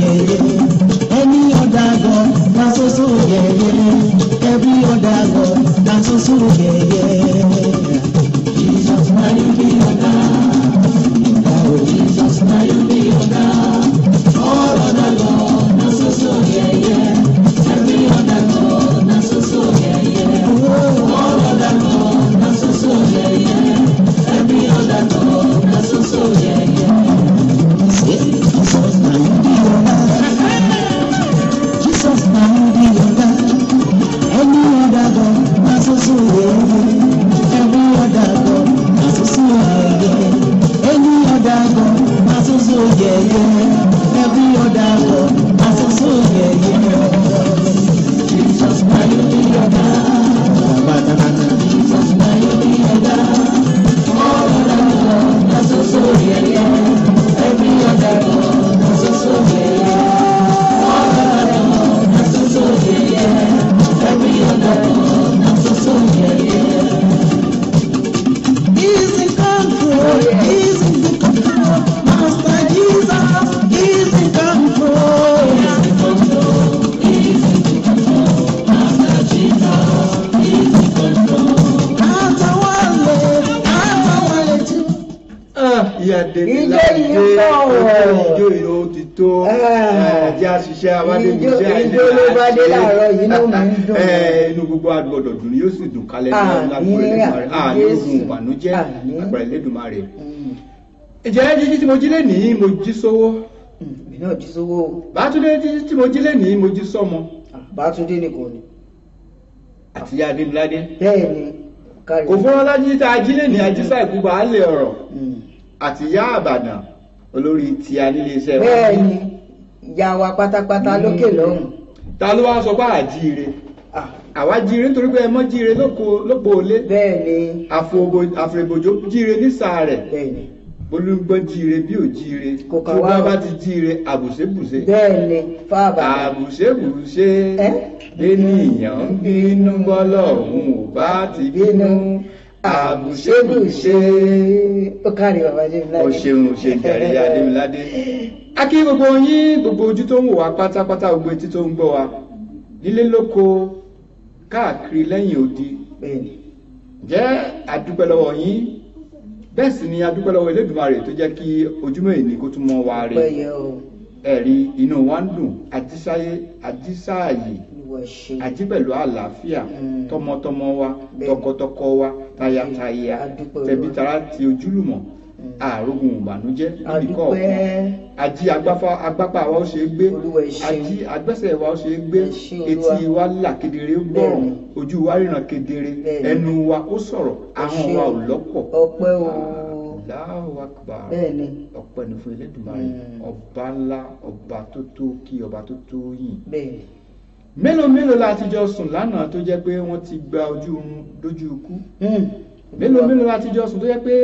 yeah. Any other God, that's also yeah, yeah. Every other God, that's also yeah, Jesus, my only be God. Oh, Jesus, my only be God. dé ní iṣẹ́ àìlera ìjó ló bá dé láàárọ̀ yìí ló máa ń dùn. inú gbogbo agbọ́dọ̀ dùn ni yóò sì dùn kálẹ̀ ní agbára ah, àmì ah, ogun ìbànújẹ́ agbára Elédùmarè. ìjẹ́ mm. jíjí tí mo jí lẹ́nìí mo jí sówó. Mm, mi náà jí sówó. Bátúndé jíjí tí mo jí lẹ́nìí mo jí sọ́mọ. Ah, Bátúndé ni kò ní. àtìyá Adébíládé. bẹ́ẹ̀ni kárí. kò fún wọn lájú tá a jí lẹ́nìí ajísà ìkúba á lè ọ̀rọ̀ mm. àtìyá Àbàdàn olórí ti anílé iṣẹ́ wa. bẹ́ẹ̀ni ìyá wa pátápátá lókè hmm. lọ́hùn. ta ló wá sọ pé àjíire ah. àwa jíire nítorí pé ẹ mọ jíire lóko olé. bẹ́ẹ̀ni. àfòrèbòjò jíire nísà rẹ. bẹ́ẹ̀ni. jíire bí ò jíire. kò kà bá ti jíire àbùsébùsé. bẹ́ẹ̀ni fáàbà. àbùsébùsé. ẹ bẹ́ẹ̀ni ìyàn ń bínú bọ́lọ̀ òun ò bá ti bínú àmùṣẹ́mùṣe. ó kárí bàbá Adémiládé. ó ṣeun ṣe jàre Adémiládé. a kí gbogbo yín gbogbo ojú tó ń wò wá pátápátá gbogbo etí tó ń gbọ́ wa nílé lóko káàkiri lẹ́yìn odi. jẹ́ àdúpẹ́ lọ́wọ́ yín bẹ́ẹ̀ sì ni àdúpẹ́ lọ́wọ́ Elédùmarè tó jẹ́ kí ojúmọ́ èyí kó tún mọ́ wa rè ẹ̀rí inú wa ń dùn àdísáyé àdísáàyè àti pẹ̀lú àlàáfíà mm. tọmọtọmọ wa tọkọtọkọ wa tayataya tẹbitara ti ojúlùmọ̀ mm. àrògùn ìbànújẹ́ nìkọ àjí agbápá wa ó ṣe é gbé àjí agbẹ́sẹ̀ wa ó ṣe é gbé etí wa là kedere ó gbọ́rọ̀ ojú wa ríran kedere ẹnu wa ó sọ̀rọ̀ ahọ́n wa ò lọ́pọ̀ ọpẹ́ o aláwọ akbar bẹ́ẹ̀ni ọpẹ́ ni fún Elédùmarè mm. ọba ńlá ọba tó tó kí ọba tó tó yìn bẹ́ẹ̀ni mélòó mélòó la ti jọ sùn lánàá tó jẹ́ pé wọ́n ti gba ojú oorun dójú ikú hmm. mélòó mélòó la ti jọ sùn tó jẹ́ pé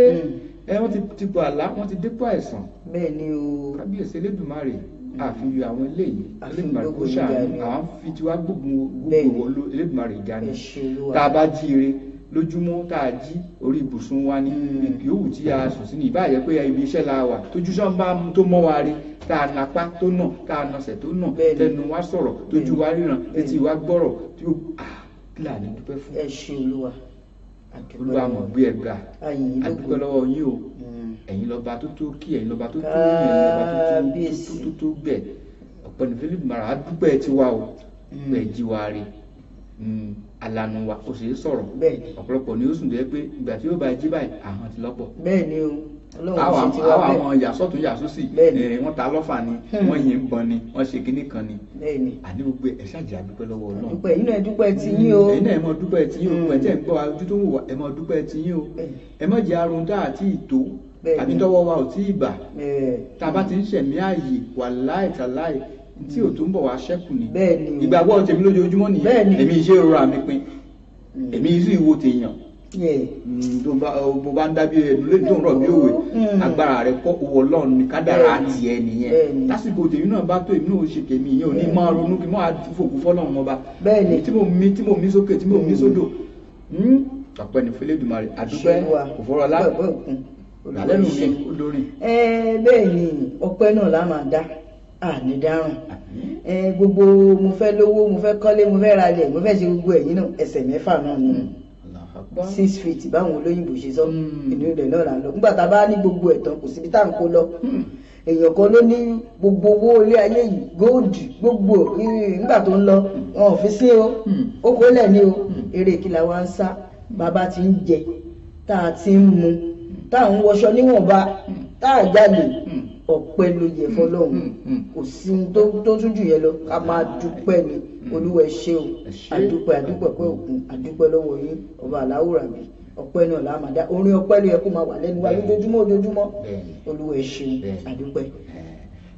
hmm. wọ́n ti tipò àlá wọ́n ti dépò àìsàn bẹ́ẹ̀ ni o kábíyèsí elédùnmarè àfihàn hmm. àwọn eléyìí elédùnmarè kò ṣàánú à ń fi tiwa gbogbo gbogbo elédùnmarè ìjà ni tá a bá jíire lójúmọ́ tá a jí orí ibùsùn wa ní hmm. yòówù tí a sùn sí ni ìbá yẹ pé ibi iṣẹ́ la wà tójú sàn bá tó mọ́ wa rí tá a napá tó nà tá a nasẹ̀ tó nà tẹnu wa sọ̀rọ̀ tójú wa ríran etí wa gbọ́rọ̀ tí ó kí là ní dúpẹ́ fún. ẹ ṣe olúwa olúwa mọ̀ gbé ẹ gbà àdúgbò lọ́wọ́ yín o hmm. ẹ̀yin lọ́ba tó tó kí ẹ̀yin lọ́ba tó tó yín ẹ̀yin lọ́ba tó tó tó gbẹ̀ ọ̀pọ̀ ní Philip mara àdúgbò ẹ ti wá o hmm. ẹ jí wa rí alanu wa kò sì sọ̀rọ̀ ọ̀pọ̀lọpọ̀ ni ó sùn jẹ́ pé ìgbà tí yóò bá jí báyìí àwọn ti lọ́pọ̀. bẹ́ẹ̀ni o àwọn àwọn yasọtún yasọsì ẹrìn wọn ta lọfà ni hmm. wọn yìí ń bọ ni wọn ṣe kínní kan ni àní gbogbo ẹ ṣàjẹ àdúpẹ́ lọ́wọ́ Ọlọ́run. dúpẹ́ inú ẹ dúpẹ́ ti yín o. ẹ̀yin náà ẹ mọ dúpẹ́ ti yín o hmm. ẹ tẹ ń gbọ́ ojú tó ń wò ẹ mọ dúpẹ́ ti yín o ẹ mọ jẹ arun tá àti ìtò àbí tọwọ́ wa ò tí ì bà tá a bá ti ń ṣẹ̀mí ààyè wà láì tà láì tí ò tó ń bọ̀ wá ṣẹ́kù ni ìgbàgbọ́ tèmi lójoojúmọ́ nìyẹn èmi ìṣe ìrora mi pin mm. èmi ìṣú ìwo tèèyàn mm, bó bá ń dábí ẹdúlé tó ń rọ bí òwe mm. agbára rẹ kọ owó Ọlọ́run ní kádàrá tiẹ̀ nìyẹn lásìkò tèmi náà bá tó èmi náà ṣe tèmi yẹn ò ní máa ronú kí n máa fòkú fọ́lọ́run mọba tí mo mí tí mo mí sókè tí mo mí sódò ọpẹ́ hmm? ní fẹlẹdùmarè àdúpẹ́ òfòrọlá lálẹ́ nù mí olórí. ẹ eh, bẹ́ẹ̀ ni ọpẹ́ náà lá máa dá àní dárùn gbogbo mo fẹ́ lówó mo fẹ́ kọ́lé mo fẹ́ ralẹ̀ mo fẹ́ ṣe gbogbo ẹ̀yìn náà ẹsẹ̀ mẹ́fà náà ni six feet báwọn olóyìnbó ṣe sọ hmm. inú ilẹ̀ náà là ń lọ nígbà tá a bá ní gbogbo ẹ̀tàn kò síbi tá à ń kó lọ hmm. èèyàn kan ló ní gbogbo owó ilé ayé yìí góòdù gbogbo nígbà tó ń lọ wọn ò fi sí o hmm. ó kó lẹ̀ ní o eré ìkìlà wa ń sá bàbá ti ń jẹ tá a ti ń mu tá à ń wọṣọ níwọ̀nba tá a jáde ọpẹ́ ló yẹ fọ́lọ́run mm, mm, mm. kò sí tó tún jù yẹn lọ ká máa dúpẹ́ ni olúwa ẹ ṣé o àdúpẹ́ àdúpẹ́ pé òkun àdúpẹ́ lọ́wọ́ yín ọba aláwòrán mi ọpẹ́ náà la orin ọpẹ́ ló yẹ kó máa wà lẹ́nu wa lójoojúmọ́ ojoojúmọ́ olúwa ẹ o àdúpẹ́.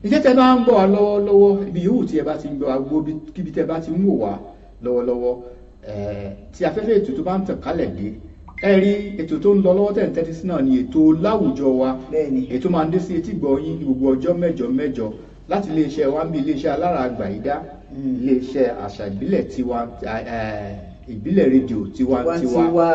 iṣẹ́ tẹ bá ń gbọ́ wa lọ́wọ́lọ́wọ́ ibi yòówù tí ẹ bá ti ń gbọ́ wa gbó kíbi tẹ bá ti ń wò wá lọ́wọ́lọ́wọ́ tí afẹ́fẹ́ ètò bá ń tàn kálẹ̀ dé ẹ rí ètò tó ń lọ lọ́wọ́ tẹ̀ ń tẹ́tí sí náà ni ètò láwùjọ wa ètò máa ń dé sí etí gbọ́ yín ní gbogbo ọjọ́ mẹ́jọ mẹ́jọ láti iléeṣẹ́ wa ń bí iléeṣẹ́ alára àgbà yìí dá hmm. iléeṣẹ́ àṣà ìbílẹ̀ tiwa ìbílẹ̀ rédíò tiwantiwa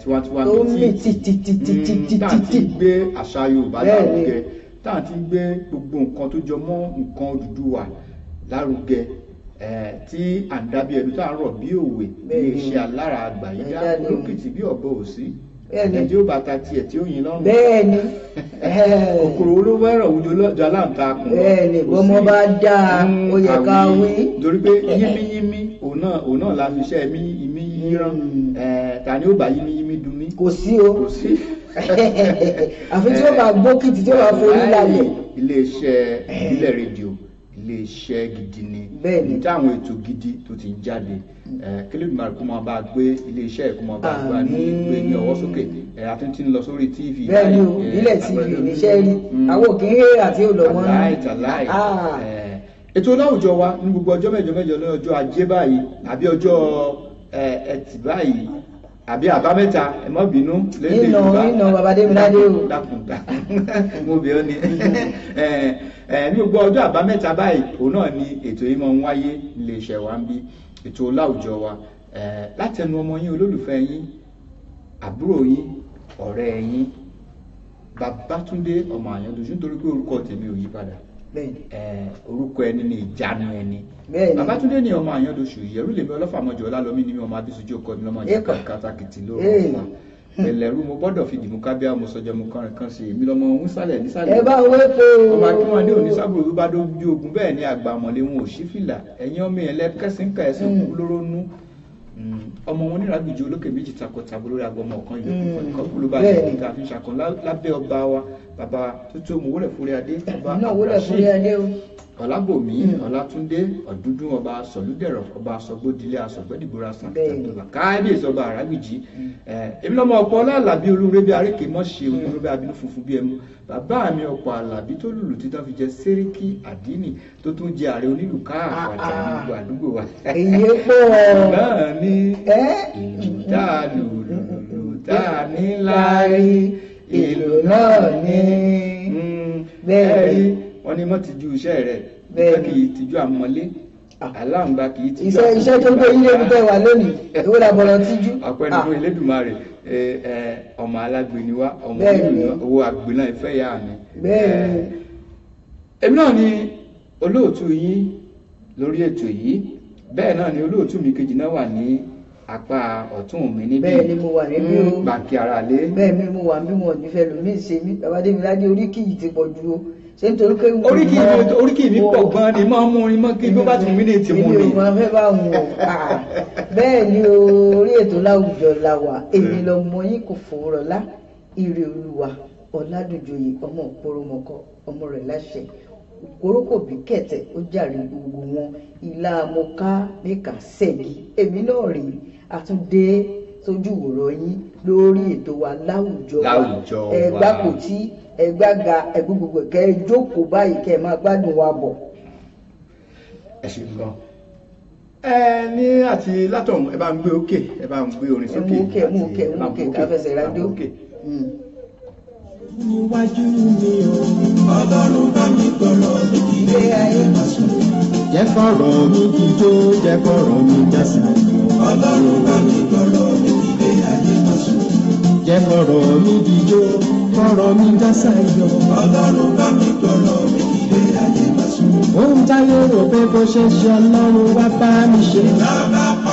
tiwantiwa tó ń mì títítítítítítí hmm. tá à ti gbé àṣà Yorùbá lárugẹ tá à ti gbé gbogbo nǹkan tó jọ mọ́ nǹkan Odùduwà lárugẹ tí àdábí ẹnu tá a rọ̀ bí òwe bí iṣẹ́ alára àgbà yìí dá olókìtì bí ọ̀bọ òsí ẹ̀jẹ̀ ó bàtà tiẹ̀ tí ó yin lọ́rùn. bẹ́ẹ̀ni. kòkòrò olówó ẹ̀rọ òjò lọ́jọ́ aláǹtakùn. bẹ́ẹ̀ni bọ́mọ bá dáa ó yẹ ká wí. torí pé yínmíyínmí òun náà òun náà la fi ṣe ẹ̀mí ìmí yíran hmm. ta ni ó bá yínmíyínmí dun mí. kò sí o kò sí. àfi tí ó máa gbókìtì tí ó máa forí lálẹ́. iléeṣẹ́ ìbílẹ̀ rédíò iléeṣẹ́ gidi ni bẹ́ẹ̀ni táwọn ètò gidi tó ti jáde mm. kílódé máa kó máa bá a gbé iléeṣẹ́ kó máa bá a gbá ní gbé ní ọwọ́ sókè àtúntí ń lọ sórí tv bẹ́ẹ̀ni o ilẹ̀ tv níṣẹ́ rí àwọn òkè ń rèrè àti olùwọ́n aláì ah. ètò láwùjọ wa ní gbogbo ọjọ́ mẹ́jọ mẹ́jọ lọ́jọ́ ajé báyìí àbí ọjọ́ ẹtì báyìí àbí àbámẹ́ta ẹ má bínú lédè yorùbá nínà nínà bàbá Démiládé o dákun dákun mo bẹ̀ ọ́ ni ní gbogbo ọjọ́ àbámẹ́ta báyìí òun náà ni ètò yìí máa ń wáyé lè ṣẹ̀ wá ń bí ètò láwùjọ wa látẹnu ọmọ yín olólùfẹ́ yín àbúrò yín ọ̀rẹ́ yín Babátúndé ọmọ Àyàndòsù nítorí pé orúkọ tèmi ò yí padà orúkọ ẹni ni ìjánu ẹni Babátúndé ni ọmọ àyàndóṣù ìyẹrù lèmi ọlọ́fàmọjọ ọlálọ́mí ni mi ọmọ abísújú ọkọ mi lọ́mọ ìjọba kátàkìtì lóru ọmọ ẹlẹrú mo gbọ́dọ̀ fi dìmú kábíà mo sọjọ mo kọrin kan sí èmi lọmọ òun sálẹ̀ nísàlẹ̀ ẹ bá wé pé o ọmọ akínwọlé òní sábúrò bá dójú ogun bẹ́ẹ̀ ni àgbà mọlẹ wọn ò sí fìlà ẹ̀yin ọmọ yẹn lẹkẹsìnkà ẹsìn kú mm. lóró nú mm, ọmọ wọn níràgbìjì olókè méjì takọtabo lórí agbọmọ ọkan ìlú kọkúlù bá ṣe kíkà fi ṣàkàn lábẹ́ ọba wa Baba, tútù mú wọlé fúri adé bàbá abdulrasheed ọlábòmí ọlátúndé ọdúndún ọba sọlúdẹrọ ọba sọgbódilé asọgbẹdìgbòrà sàn tẹtọlá káyébíyèsí ọba àràgbìjì èmi lọmọ ọpọ ọlálàbí olúre bí arékè mọ ṣe hmm. olúre bí abínú funfun bí ẹmu bàbá mi ọ̀pọ̀ àlàbí tó lùlù títàn fi jẹ sẹríkì àdínì tó tún jẹ ààrẹ onílù káàkiri ah, ah. àdúgbò àdúgbò wa. èyí pọ̀ náà ní ìlú tá a lù lù lù tá a ní láàyè èlò náà ni, hmm. bẹ́ẹ̀ rí wọ́n ní mọ́ tijú iṣẹ́ rẹ̀ bẹ́ẹ̀ kì í tijú àmọ́lé ah. aláǹgbá kì í tijú àmọ́lé. iṣẹ́ tó gbé ilé mi tẹ́ wà lónìí èwo la bọ̀rọ̀ tijú. ọ̀pẹ nínú Elédùmarè ọmọ alágbe ni wá ọmọ ìlú owó àgbè náà ìfẹ́ ìyá mi. èmi náà ni olóòtú yín lórí ètò yìí bẹ́ẹ̀ náà ni olóòtú mi kejì náà wà ní apá ọ̀tún mi níbí bẹ́ẹ̀ ni mo wà níbí hmm, o gbàǹkì ara lé bẹ́ẹ̀ mi mo wà níbí mo ní fẹ́ lómi ṣe mí bàbá débi lájẹ oríkì yìí ti pọ̀ jù o ṣé nítorí pé mo oríkì mi oríkì mi pọ̀ gan ni máa ń mú orin mọ́ kí bí ó bá tún mí ní ètí mu ni. èmi ò máa fẹ́ bá wọn o ah, ah. bẹ́ẹ̀ ni orí ètò láwùjọ la wà èmi lọmọ yín kò fòrọ̀ lá ire olúwa ọ̀làdùjòyè ọmọ òpóromọkọ ọmọ rẹ̀ láṣẹ korókòbí kẹtẹ ó jàre gbogbo wọn ìlà amọ̀ká mẹ́ka sẹ́gi èmi náà rèé àtúndé sójú ìwòrán yín lórí ètò wa láwùjọ láwùjọ wa ẹgbà kò tí ẹgbàga ẹgbùgbùgbù kẹ ẹ jókòó báyìí kẹ ẹ máa gbádùn wa bọ̀. ẹ ṣe ń lọ ẹ ní àti látọ̀hún ẹ bá ń gbé òkè ẹ bá ń gbé orin sókè ẹ mú òkè mú òkè káfẹsẹ̀ rádìó níwájú mi o. ọlọ́run bá mi gbọ́rọ̀ mi kì í lé ayé má sùn. jẹ́ kọ̀rọ̀ mi jíjó jẹ́ kọ̀rọ̀ mi jásà. ọlọ́run bá mi gbọ́rọ̀ mi kì í ayé má sùn. jẹ́ kọ̀rọ̀ mi jíjó kọ̀rọ̀ mi jásà yọ. ọlọ́run bá mi gbọ́rọ̀ mi kì ayé má sùn. ohun táyé rò pé bó ṣe ṣe ọlọ́run wá bá mi ṣe. lábàbà.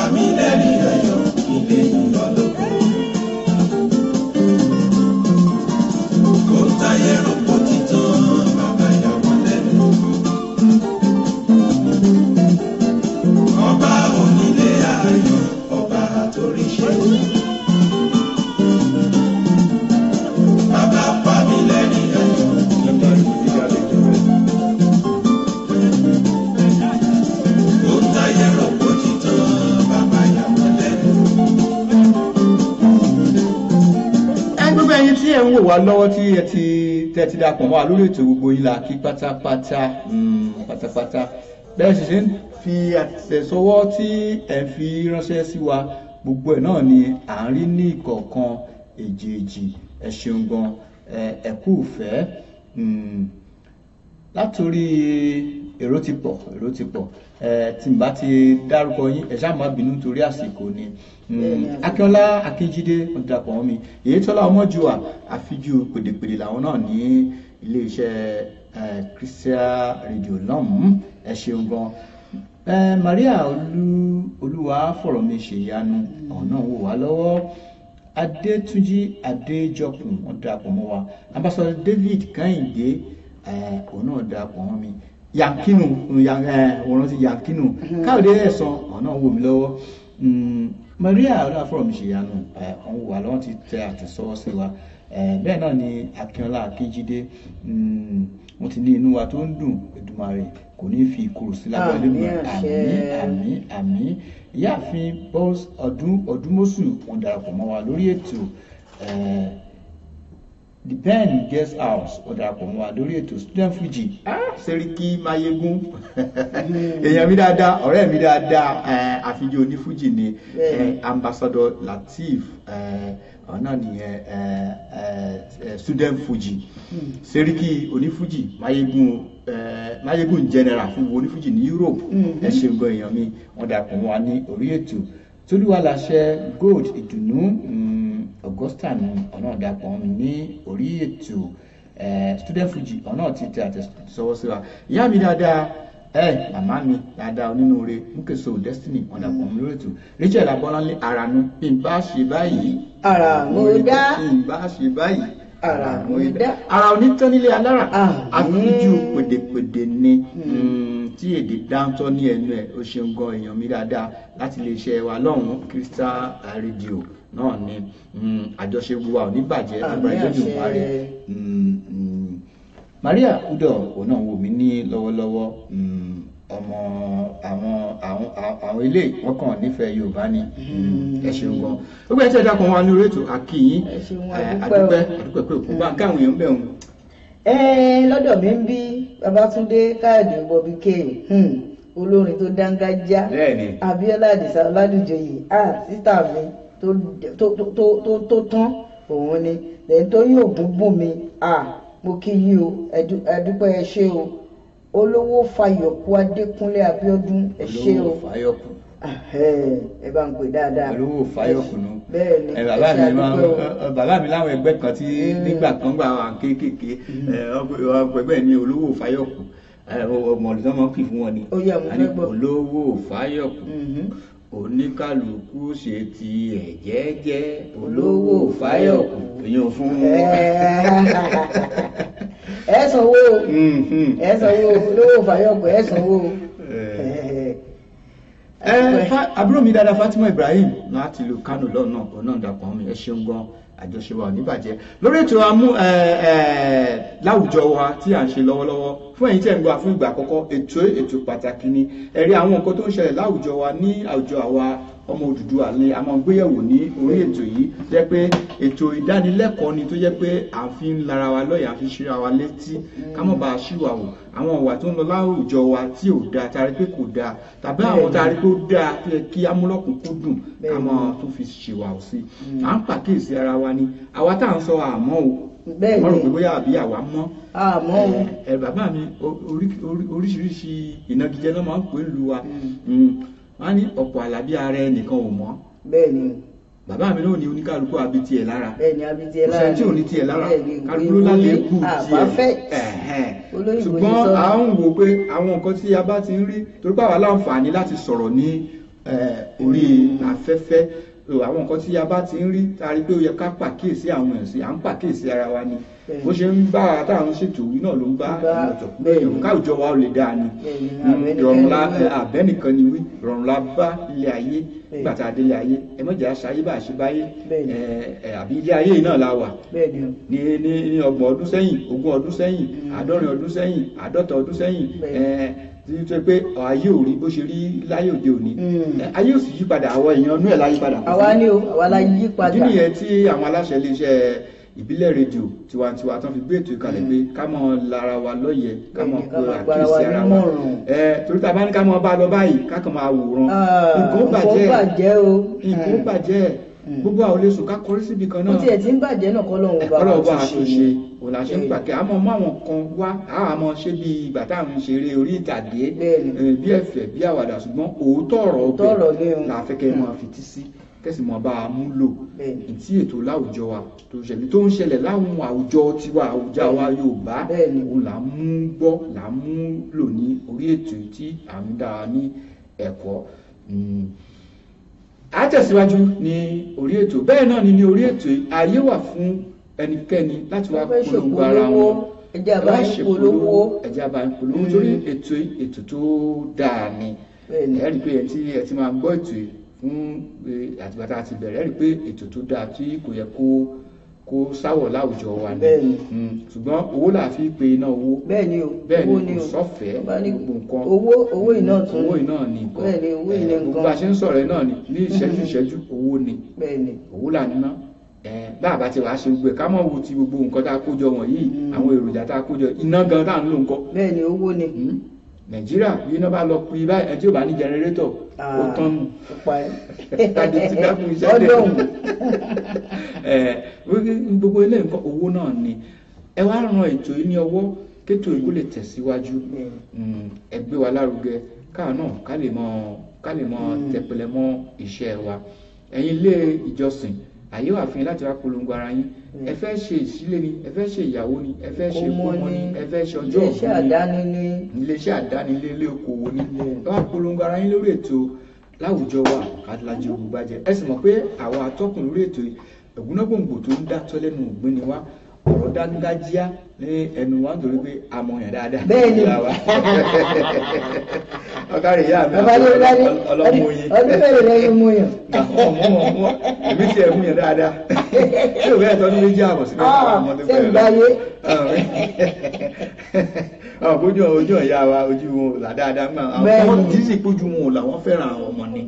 wá lọ́wọ́ tí ẹ ti tẹ́ ti dapọ̀ mọ́ wa lórí ètò gbogbo yìí la kí pátápátá mm, pátápátá bẹ́ẹ̀ sì ṣe ń fi àtẹ̀sọ́wọ́ tí ẹ̀ fi ránṣẹ́ sí wa gbogbo ẹ̀ náà ni à ń rí ní ìkọ̀ọ̀kan èjèèjì ẹ ṣeun gan ẹ kú ìfẹ́ mm, látòrí èrò ti pọ̀ èrò ti pọ̀ tí n bá ti dárúkọ yín ẹ ṣáà má bínú torí àsìkò ni mm, akínọlá akínjídé ọ̀dàpọ̀ wọn mi èyí tọ́lá ọmọjúwà àfijú pèdèpèdè làwọn náà ní iléeṣẹ́ Christian radio lọ́hùn-ún ẹ ṣeun gan Maria olúwa fọ̀rọ̀ mi ṣèyanu ọ̀hún náà wò wá lọ́wọ́ adétúnjì adéjọkùn ọ̀dàpọ̀ mọ́ wa ambassador David kẹ́hìndé ọ̀hún náà dàpọ̀ wọn mi yankinu eh, òun ti yankinu mm-hmm. káyọ̀dé ẹ̀sán ọ̀nà wò mí lọ́wọ́ mm, Maria ọlọ́fọ̀rọ̀mù ṣèyanu ọ̀hún eh, wà lọ́wọ́ ti tẹ àtẹ̀sọ́wọ́ sí wa eh, bẹ́ẹ̀ náà ni Akínọlá Akínjídé wọ́n mm, ti ní inú wa tó ń dùn Èdùmàrè kò ní fi ìkorò sí lábẹ́ olóògbé àmín àmín àmín ìyáàfin bọ́s ọdún ọdúnmọ́sù wọn darapọ̀ mọ́ wa lórí ètò the pen guest house ọ̀dàpọ̀ mọ́ àdórí ètò student Fiji. sẹ́ríkì mayegun hmm. èèyàn mi dáadáa ọ̀rẹ́ mi dáadáa àfijọ́ onífuji ni ambassador Latif. àwọn náà nìyẹn student fuji hmm. sẹ́ríkì onífuji mayegun mayegun general fún onífuji ní europe hmm. ẹ ṣeun gan èèyàn mi ọ̀dàpọ̀ mọ́ wa ní orí ètò tolúwa láṣẹ gold ìdùnnú. Mm. Augusta ni ọ̀nà dàpọ̀ mi ní orí ètò student fuji ọ̀nà ti tẹ àtẹ̀sọwọ́ sí wa ìyá mi dáadáa ẹ màmá mi dáadáa onínúure nkeso destiny ọ̀nà pọ̀ mi lórí ètò Rachel Abọ́láńlé aranu bí n bá ṣe báyìí ara mo dá bí n bá ṣe báyìí ara mo dá ara onítàn nílé alára àfijù pèdèpèdè ni hmm. Hmm, tí èdè dáńtọ́ ní ẹnu ẹ̀ o ṣeun gan èèyàn mi dáadáa láti iléeṣẹ́ wa lọ́hùn-ún Crystal Radio náà ni mm, àjọṣe wa ò ní bàjẹ́ agbára ìjọ́jú parí. Maria Udo òun náà wò mí ní lọ́wọ́lọ́wọ́ mm, ọmọ àwọn àwọn àwọn ilé wọn kàn nífẹ̀ẹ́ yorùbá ni mm, ẹ ṣeun gan gbogbo ẹ tí ẹ dákun wa ní orí ètò àkìyìn àdúpẹ́ eh, àdúpẹ́ pé òkú bá káwọn èèyàn bẹ̀ wọn. ẹ lọ́dọ̀ mi ń bí Babátúndé káàdì bobby kane hmm, olórin tó dángájá Abíọ́lá Àdìsá Ọládùjọyè ah sísá mi tó tó tó tó tán òun ni lẹ́yìn tó yóò búbù mi à mo kí yí o ẹ̀dúpẹ́ ẹ ṣé o olówó fayọ̀kú adékúnlé abíọ́dún ẹ ṣé o olówó fayọ̀kú ẹ bá ń pè dáadáa olówó fayọ̀kú nù bẹ́ẹ̀ ni ẹ bàbá mi bàbá mi láwọn ẹgbẹ́ kan tí mm. nígbà kan gbà wà kéékèèké mm. ọgbẹ́gbẹ́ ni olówó fayọ̀kú ọmọ ọdún tó máa ń pè fún wọn ni olówó fayọ̀kú. Mm-hmm oníkàlùkù ṣe ti ẹ̀jẹ̀ jẹ́ olówó fáyọ̀kù èèyàn fún wọn. ẹ sanwó mm-hmm. ẹ sanwó olówó fáyọ̀kù ẹ sanwó. Eh. Eh, àbúrò mi dáadáa Fatima Ibrahim láti lu Kánò lọ́nà ọ̀nà ìdàpọ̀ mi ẹ ṣeun gan-an àjọṣe wa ò ní bàjẹ́ lórí ètò amú láwùjọ wa tí à ń ṣe lọ́wọ́lọ́wọ́ fún ẹ̀yin tí ẹ̀ ń gbà fún ìgbà àkọ́kọ́ ètò ètò pàtàkì ni ẹ̀rí àwọn nǹkan tó ń ṣẹlẹ̀ láwùjọ wa ní àwùjọ àwa ọmọ Odùduwà ni a máa ń gbéyẹ̀wò ní orí ètò yìí jẹ́ pé ètò ìdánilẹ́kọ̀ọ́ ni tó jẹ́ pé à ń fi ń lara wa lọ́yà à ń fi ṣíra wa létí ká má bàa ṣìwà wò àwọn ìwà tó ń lọ láwùjọ wa tí ò dáa tá a rí pé kò dáa tàbí àwọn tá tó yẹ kí amúlọ́kùn kó dùn ká máa tó fi ṣìwà ò sí hmm. à ń pàkíyèsí ara wa ni àwa tá à ń sọ àmọ́ o bẹ́ẹ̀ rò pé bóyá àbí àwa mọ́ àmọ́ ẹ bàbá mi oríṣiríṣi ìnagijẹ náà máa ń pè é wa hmm. Hmm wọ́n á ní ọ̀pọ̀ àlàbí ara ẹnìkan ò mọ́. bẹ́ẹ̀ni. bàbá mi náà ní oníkálukú abiti tiẹ̀ lára. bẹ́ẹ̀ni abi tiẹ̀ lára kò sẹ́ńtì òní ah, tiẹ̀ lára kálukú lálẹ́ kù tiẹ̀. ṣùgbọ́n à ń wò pé àwọn nǹkan tí a bá ti ń rí torí pàwọn aláǹfààní láti sọ̀rọ̀ ní orí afẹ́fẹ́ àwọn nǹkan tí a bá ti ń rí tá a rí pé ó yẹ ká pàkíyèsí àwọn ẹ̀sìn à ń pàkíyèsí ara wa ni bó ṣe ń bá a táwọn ṣètò òwì náà ló ń bá ìrọ̀jọ̀ káwùjọ wa ò lè dáa ni rọ̀rùnlá àbẹ́nìkan ni wí rọ̀rùnlá bá ilé ayé nígbà tá a dé ilé ayé ẹ mọ̀jà ṣayé bá a ṣe báyé àbí ilé ayé náà la wà ní ní ọgbọ̀n ọdún sẹ́yìn ogún ọdún sẹ́yìn mm. àádọ́rin ọdún sẹ́yìn àádọ́ta ọdún sẹ́yìn tí tó pé ayé ò rí bó ṣe rí láyé òde òní mm. ayé ò sì yí àwọn èèyàn inú ẹ̀ láyé padà. ni o àwa la ìbílẹ̀ rédíò tiwantiwa tán fi gbé ètò ìkàlẹ̀ pé ká mọ̀ lára wa lọ́yẹ̀ ká mọ̀ pé àkíyèsí ara wa ẹ torí tá a bá ní ká mọ̀ bá lọ báyìí ká kàn máa wòran ah, nǹkan ó bàjẹ́ nǹkan ó hmm. bàjẹ́ hmm. gbogbo àwọn olóṣù ká kọrí síbi kan náà. ó tiẹ̀ ti ń bàjẹ́ náà kọ́ lọ́hùn bá wa ti ṣe òun la ṣe ń gbà kí a mọ̀ mọ́ àwọn kan wá a mọ̀ ṣe bí ìgbà tá à ń ṣeré orí ìtàgé eh, bí ẹ̀fẹ̀ bí àwàdà ṣùgbọ́n òótọ́ ọ̀rọ̀ ọbẹ̀ la fẹ́ kẹ́ máa hmm. fìtí sí tẹ̀sìmọ̀ bá a mú lò tí ètò láwùjọ wa tó ṣẹlẹ̀ tó ń ṣẹlẹ̀ láwọn àwùjọ tiwa àwùjọ àwa Yorùbá òun là ń mú gbọ́ là ń mú lò ní orí ètò tí à ń dá ní ẹ̀kọ́ hmm. a tẹ̀síwájú ní orí ètò bẹ́ẹ̀ náà ni ní orí ètò ààyè wà fún ẹnikẹ́ni láti wá polongo ara wọn ẹjẹ́ àbá ń polówó ẹjẹ́ àbá ń polówó torí hmm. ètò ètò tó dáa ni ẹ̀rí pé ẹ ti máa gbọ́ ètò yìí fún e, àtìgbà tá a ti bẹ̀rẹ̀ rí pé ètò tó dáa tí kò yẹ kó kó sáwọ̀ láwùjọ wa ni hmm, ṣùgbọ́n owó là fi pe iná owó bẹ́ẹ̀ ni o bẹ́ẹ̀ ni kò sọ́fẹ̀ẹ́ gbogbo nǹkan owó owó iná hmm, tún owó iná ni nǹkan bẹ́ẹ̀ ni owó eh, iná nǹkan gbogbo àṣẹ ń sọ̀rọ̀ iná ni ní ìṣẹ́jú ìṣẹ́jú owó ni bẹ́ẹ̀ ni owó là níná eh, bá a bá ti wàá ṣe gbogbo ẹ̀ ká mọ̀ wo ti gbogbo nǹkan tá a kó jọ wọ̀nyí hmm. àwọn èròjà tá a kó jọ iná gan tá à ń lò nǹkan bẹ́ẹ̀ ni owó ni nàìjíríà yìí náà bá lọ pin báyìí ẹtí ò bá ní jẹnẹrétọ̀ ah, ó tán nù tàbí ti dákun iṣẹ́ dẹ̀ eh, gbogbo ilé nǹkan owó náà ni ẹ wá ran ètò yìí ní ọwọ́ kétò yìí kó lè tẹ̀síwájú hmm. Hmm, ẹ gbé wa lárugẹ káà náà ká lè mọ ká lè mọ hmm. tẹpẹlẹ mọ iṣẹ́ wa ẹ̀yin ilé ìjọsìn àyè wà fún yín láti wá polongo ara yín ẹ fẹ́ ṣe ìsílẹ̀ ni ẹ fẹ́ ṣe ìyàwó ni ẹ fẹ́ ṣe ìkómọ ni ẹ fẹ́ ṣe ọjọ́ òkú ni iléeṣẹ́ àdáni ni ilé okòwò ni ẹ wá polongo ara yín lórí ètò láwùjọ wa àtìlájẹ ògùnbàjẹ́ ẹ sì mọ̀ pé àwọn atọ́kùn lórí ètò ìgbónágbòǹgbò tó ń dá tọ́lẹ́nu ògbìn ni wá ọ̀rọ̀ dáńgájíá ní ẹnu wa nítorí pé àmọ̀yàn dáadáa bẹ́ẹ̀ni ọkàrí ìyá mi ọlọ́mọyin ọdún mẹ́rin lẹ́yìn mọ̀yàn. èmi ti ẹ̀mú yẹn dáadáa ṣé òwe ẹ̀tọ́ ní méjì àbọ̀ sílẹ̀ ah, ọmọ tó fẹ́rẹ̀ lọ. Ah, ojú ojú ọ̀yá wa ojú wọn là dáadáa mọ́ àwọn tí sì pójú wọn ò là wọ́n fẹ́ràn àwọn ọmọ ni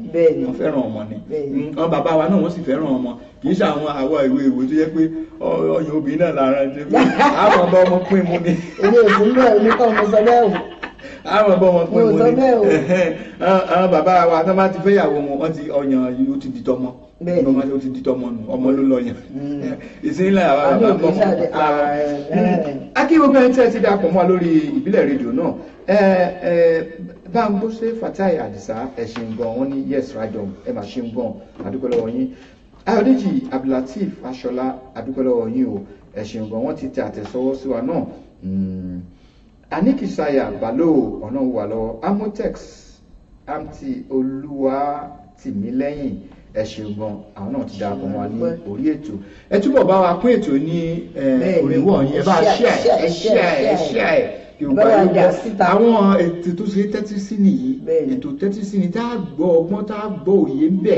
wọ́n fẹ́ràn ọmọ ni mm, wọ́n bàbá wa náà wọ́n sì fẹ́ràn ọmọ kì í ṣe àwọn àwa ìwé ìwé tó yẹ pé ọyàn obìnrin náà lára ti fi àwọn ọmọ bá ọmọ pín mu ni. èmi ò fún bẹ́ẹ̀ mi kàn mo sọ ah o. àwọn ọmọ ọmọ pín mu ni. mo sọ bẹ́ẹ̀ o. àwọn bàbá wa tó bá ti fẹ́yàwó wọn wọ́n ti ọyàn yìí ó ti di tọmọ bẹ́ẹ̀ni ọmọ tó ti di tọmọ nù ọmọ ló lọ yàn hmm. ìsinmi la àwọn àbá bọ akíwògbọn ẹni tí ẹ ti darapọ̀ mọ́ lórí ìbílẹ̀ rédíò náà eh, eh, Bámgbóṣé Fatai Àdìsá ẹ ṣeun gan wọn ní yes rájọ ẹ máa ṣeun gan adúpẹ́ lọ́wọ́ yín Ayọ̀dèjì Abdulateef Aṣọlá adúpẹ́ lọ́wọ́ yín o ẹ̀sìn gan wọ́n ti tẹ àtẹ̀sọ́wọ́ sí wa náà hmm. anikisaya balo ọlọ́run wà lọ́wọ́ amotex amti olúwa tìmílẹ́yìn ẹ̀sìn gan àwọn náà ti da àpò wa ní orí ètò ẹ túbọ̀ bá wa pín ètò ní orí wọ̀nyí ẹ bá ṣíà ẹ ṣíà ẹ ṣíà ẹ yorùbá yorùbá àwọn ètò tó ṣe tẹ́tí sí nìyí ètò tẹ́tí sí ni tá a gbọ́ ọgbọ́n tá a gbọ́ òye ń bẹ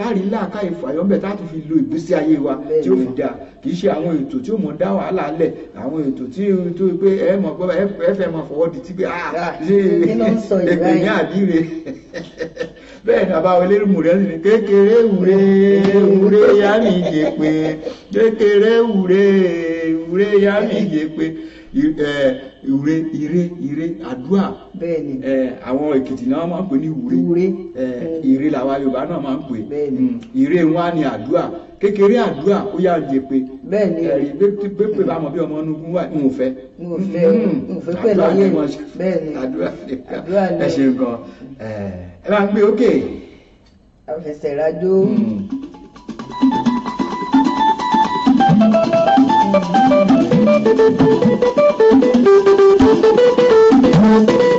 táàrí làákàyè fàyọ́mbẹ̀ táàtù fi lo ìgbésí ayé wa tí ó fi dáa kì í ṣe àwọn ètò tí ó mọ̀ dá wàhálà lẹ̀ àwọn ètò tí tó pé ẹ mọ̀ pé ẹ fẹ́ mọ̀ fọwọ́ di tí ah, ah ṣe ègbè ní àdíre bẹ́ẹ̀ ni àbá wọlé mú rẹ̀ ní kékeré wúre wúre yá mi yé pé kékeré wúre wúre yá mi yé pé ìre ìre ìre àdúrà àwọn èkìtì náà máa ń pè ní ìwúre ìre eh, làwa yorùbá náà máa ń pè ìre wọn á ní àdúrà kékeré àdúrà ó yà ń jèpè bẹ́ẹ̀ni ẹrí eh, pépè bá mọ bí ọmọ inú gún wà ń fẹ́ ń fẹ́ ń hmm. fẹ́ pẹ̀lú ayé bẹ́ẹ̀ni àdúrà ẹ ṣe nǹkan eh, ẹ máa ń gbé ókè. àfẹsẹ̀rajó. thank hmm. you Thank you.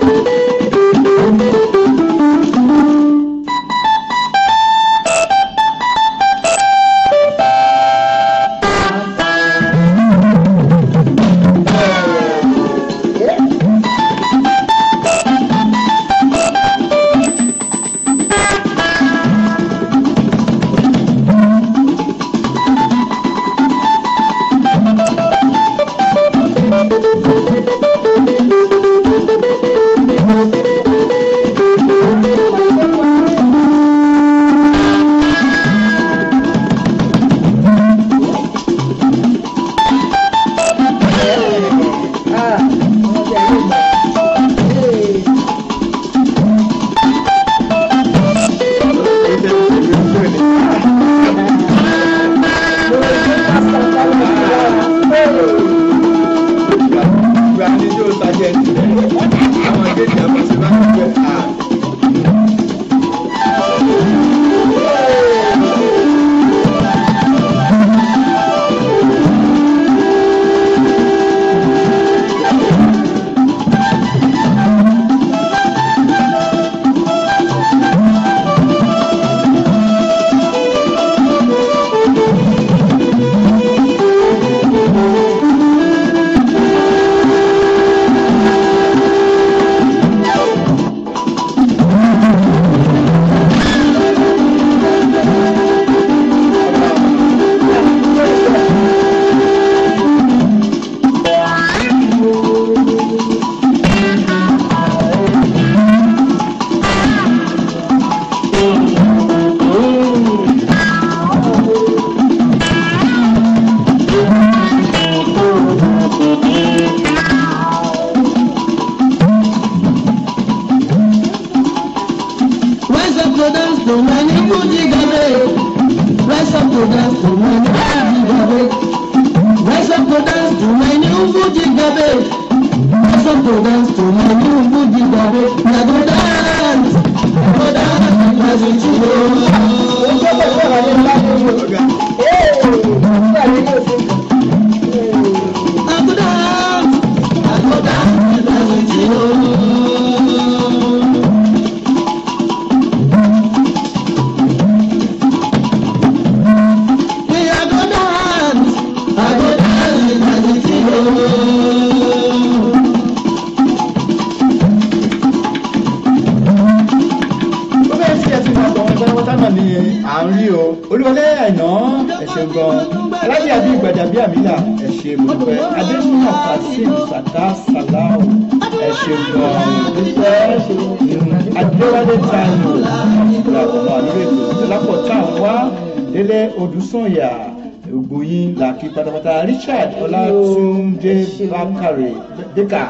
dika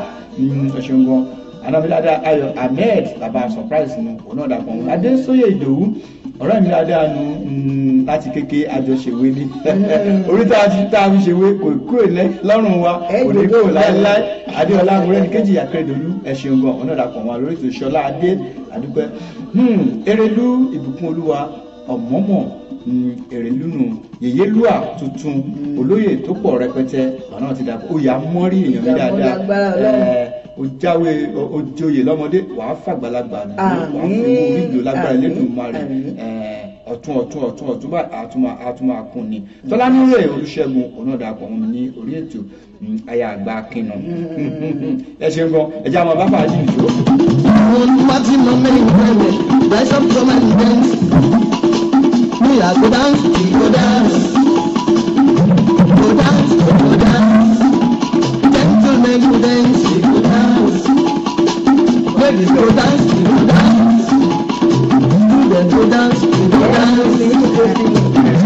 ọ̀ṣun gan anábìládà ayọ̀ ahmed bàbá surprise ni òun náà dàpọ̀ òun adésóyè ìdòwú ọ̀rẹ́ mi dáadáa nu mm, láti kéke àjọṣèwé ní mm. orí tá a fi ṣèwé kò kúrò lọ́rùn wa kò ní kúrò láéláé adéọlá amúrẹ́ ní kejì akérèdọ́lù ẹ̀ṣin gan ọ̀nà ìdàpọ̀ wọn lórí ètò ìṣọlá adé àdúpẹ́ hmm, erelú ìbùkún olúwa ọ̀mọ́mọ́ èrèlúnú mm, yèyélúà tuntun olóyè tó pọ̀ rẹpẹtẹ àwọn náà ti dàgbà oyè amọ́rí èèyàn mi dáadáa o jáwé o joyè lọ́mọdé wàá fàgbàlagbà nù wàá fi mú ìlú lágbára Elédùmarè ọ̀tún ọ̀tún ọ̀tún ọ̀tún àtúmọ̀ àtúmọ̀ àkùn ni tọ́lání rẹ̀ olùṣègùn onádàpọ̀ wọn ní orí ètò mm, ayé àgbà kinu ẹ ṣe ń gbọ́ ẹ àwọn bàbá yìí nìjó. àwọn pátí mọ mẹ́rin bẹ̀rẹ̀ bẹ́sọ̀ tó máa ń dẹ́n ní àgọ́dá ìgọ́dá. you dance, you dance. Baby, go dance, you dance. Then go dance, you dance.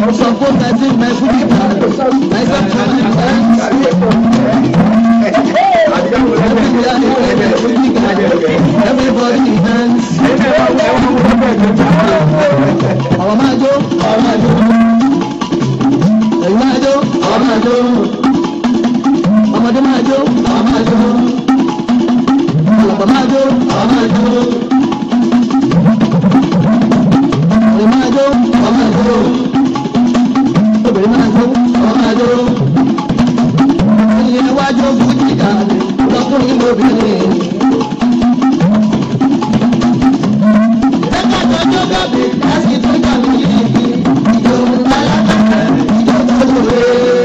Or suppose I think my food is bad. I said, can I dance? Everybody dance. Ọmọ ajo, ọmọ ajo, ọmọ ajo, ọmọ ajo ọmọdé máa jó àwọn máa jó àgbà máa jó àwọn máa jó ọ̀rẹ́ máa jó àwọn máa jó obìnrin máa jó àwọn máa jó ilé wájú fújì dàní lọ́kùnrin lóbìnrin. ẹ̀ka tó jó gàbí láti tó gàbí yìí ìjọba alákàtà ìjọba òwe.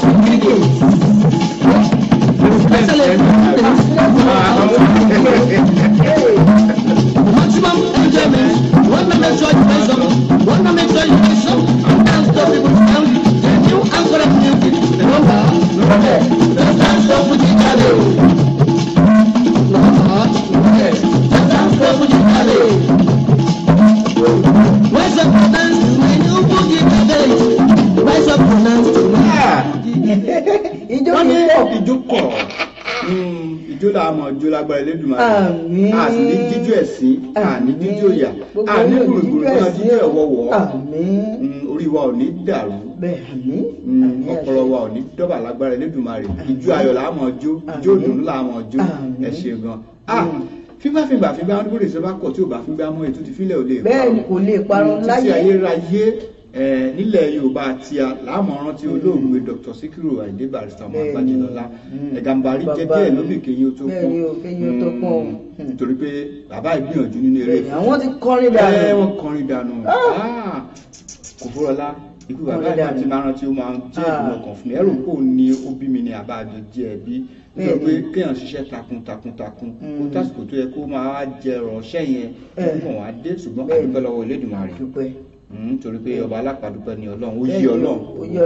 communicate. lágbára Elédùmarè àní jíjó ẹ̀sín àní jíjó ìyà àní gbùrùgbùrù náà jíjó ẹ̀wọ̀wọ̀ orí wa ò ní dàrú mm, ọpọlọ wa ò ní dọ́bà lágbára Elédùmarè ìjó ayọ̀ la máa jó ìjó ìdùnnú la máa jó ẹ ṣé gan fífá fìgbà fífá wọn gbọ́dọ̀ ìṣọba kọ tí ò bá fífá mọ ètò ti fílẹ ò lè parun bẹ́ẹ̀ni kò lè parun mm, láyé títí ayérayé nílẹ̀ yorùbá àti àlámọ̀ràn tí olóògbé mm. dr sikiru ayinde barrister ọmọ agbájẹlọlá mm. ẹ̀gàmbàrí jẹ́ díẹ̀ lóbì kéyìn ó tó pọ́n mm. torí pé bàbá ìgbìyànjú nínú eré fún àwọn ti kọrin dànù ẹ wọn kọrin dànù ah! ah! kò fúrọlá ikú bàbá ìgbà tí máa rántí ó máa ń jẹ́ ah! ìdùnnú ọkàn fún mi ẹ̀rù kò ní obí mi ni àbá àjọ jẹ́ ẹbí nítorí pé kéèyàn ṣiṣẹ́ takun takun takun kó tásìkò tó yẹ kó máa jẹ ọ̀rọ̀ ṣẹ́yìn ẹ̀ eh. kó kàn wá dé ṣùgbọ́n àdúgbò lọ́wọ́ Elédùmarè. Hmm, torí pé hmm. ọba alápàdúpẹ́ ni ọlọ́run ó yí ọlọ́run ó yí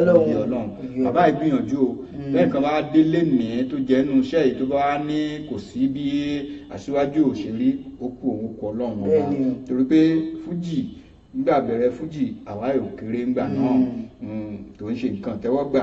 ọlọ́run bàbá ìgbìyànjú o hmm. bẹ́ẹ̀ kan bá délé ní tó jẹ́ inú iṣẹ́ yìí tó bá ní kò sí bí aṣíwájú òṣèré ó kú òun kọ ọlọ́run ọba torí pé fújì nígbà fújì àwa ò kéré ńgbà náà tó ń ṣe nǹkan tẹ́wọ́ gbà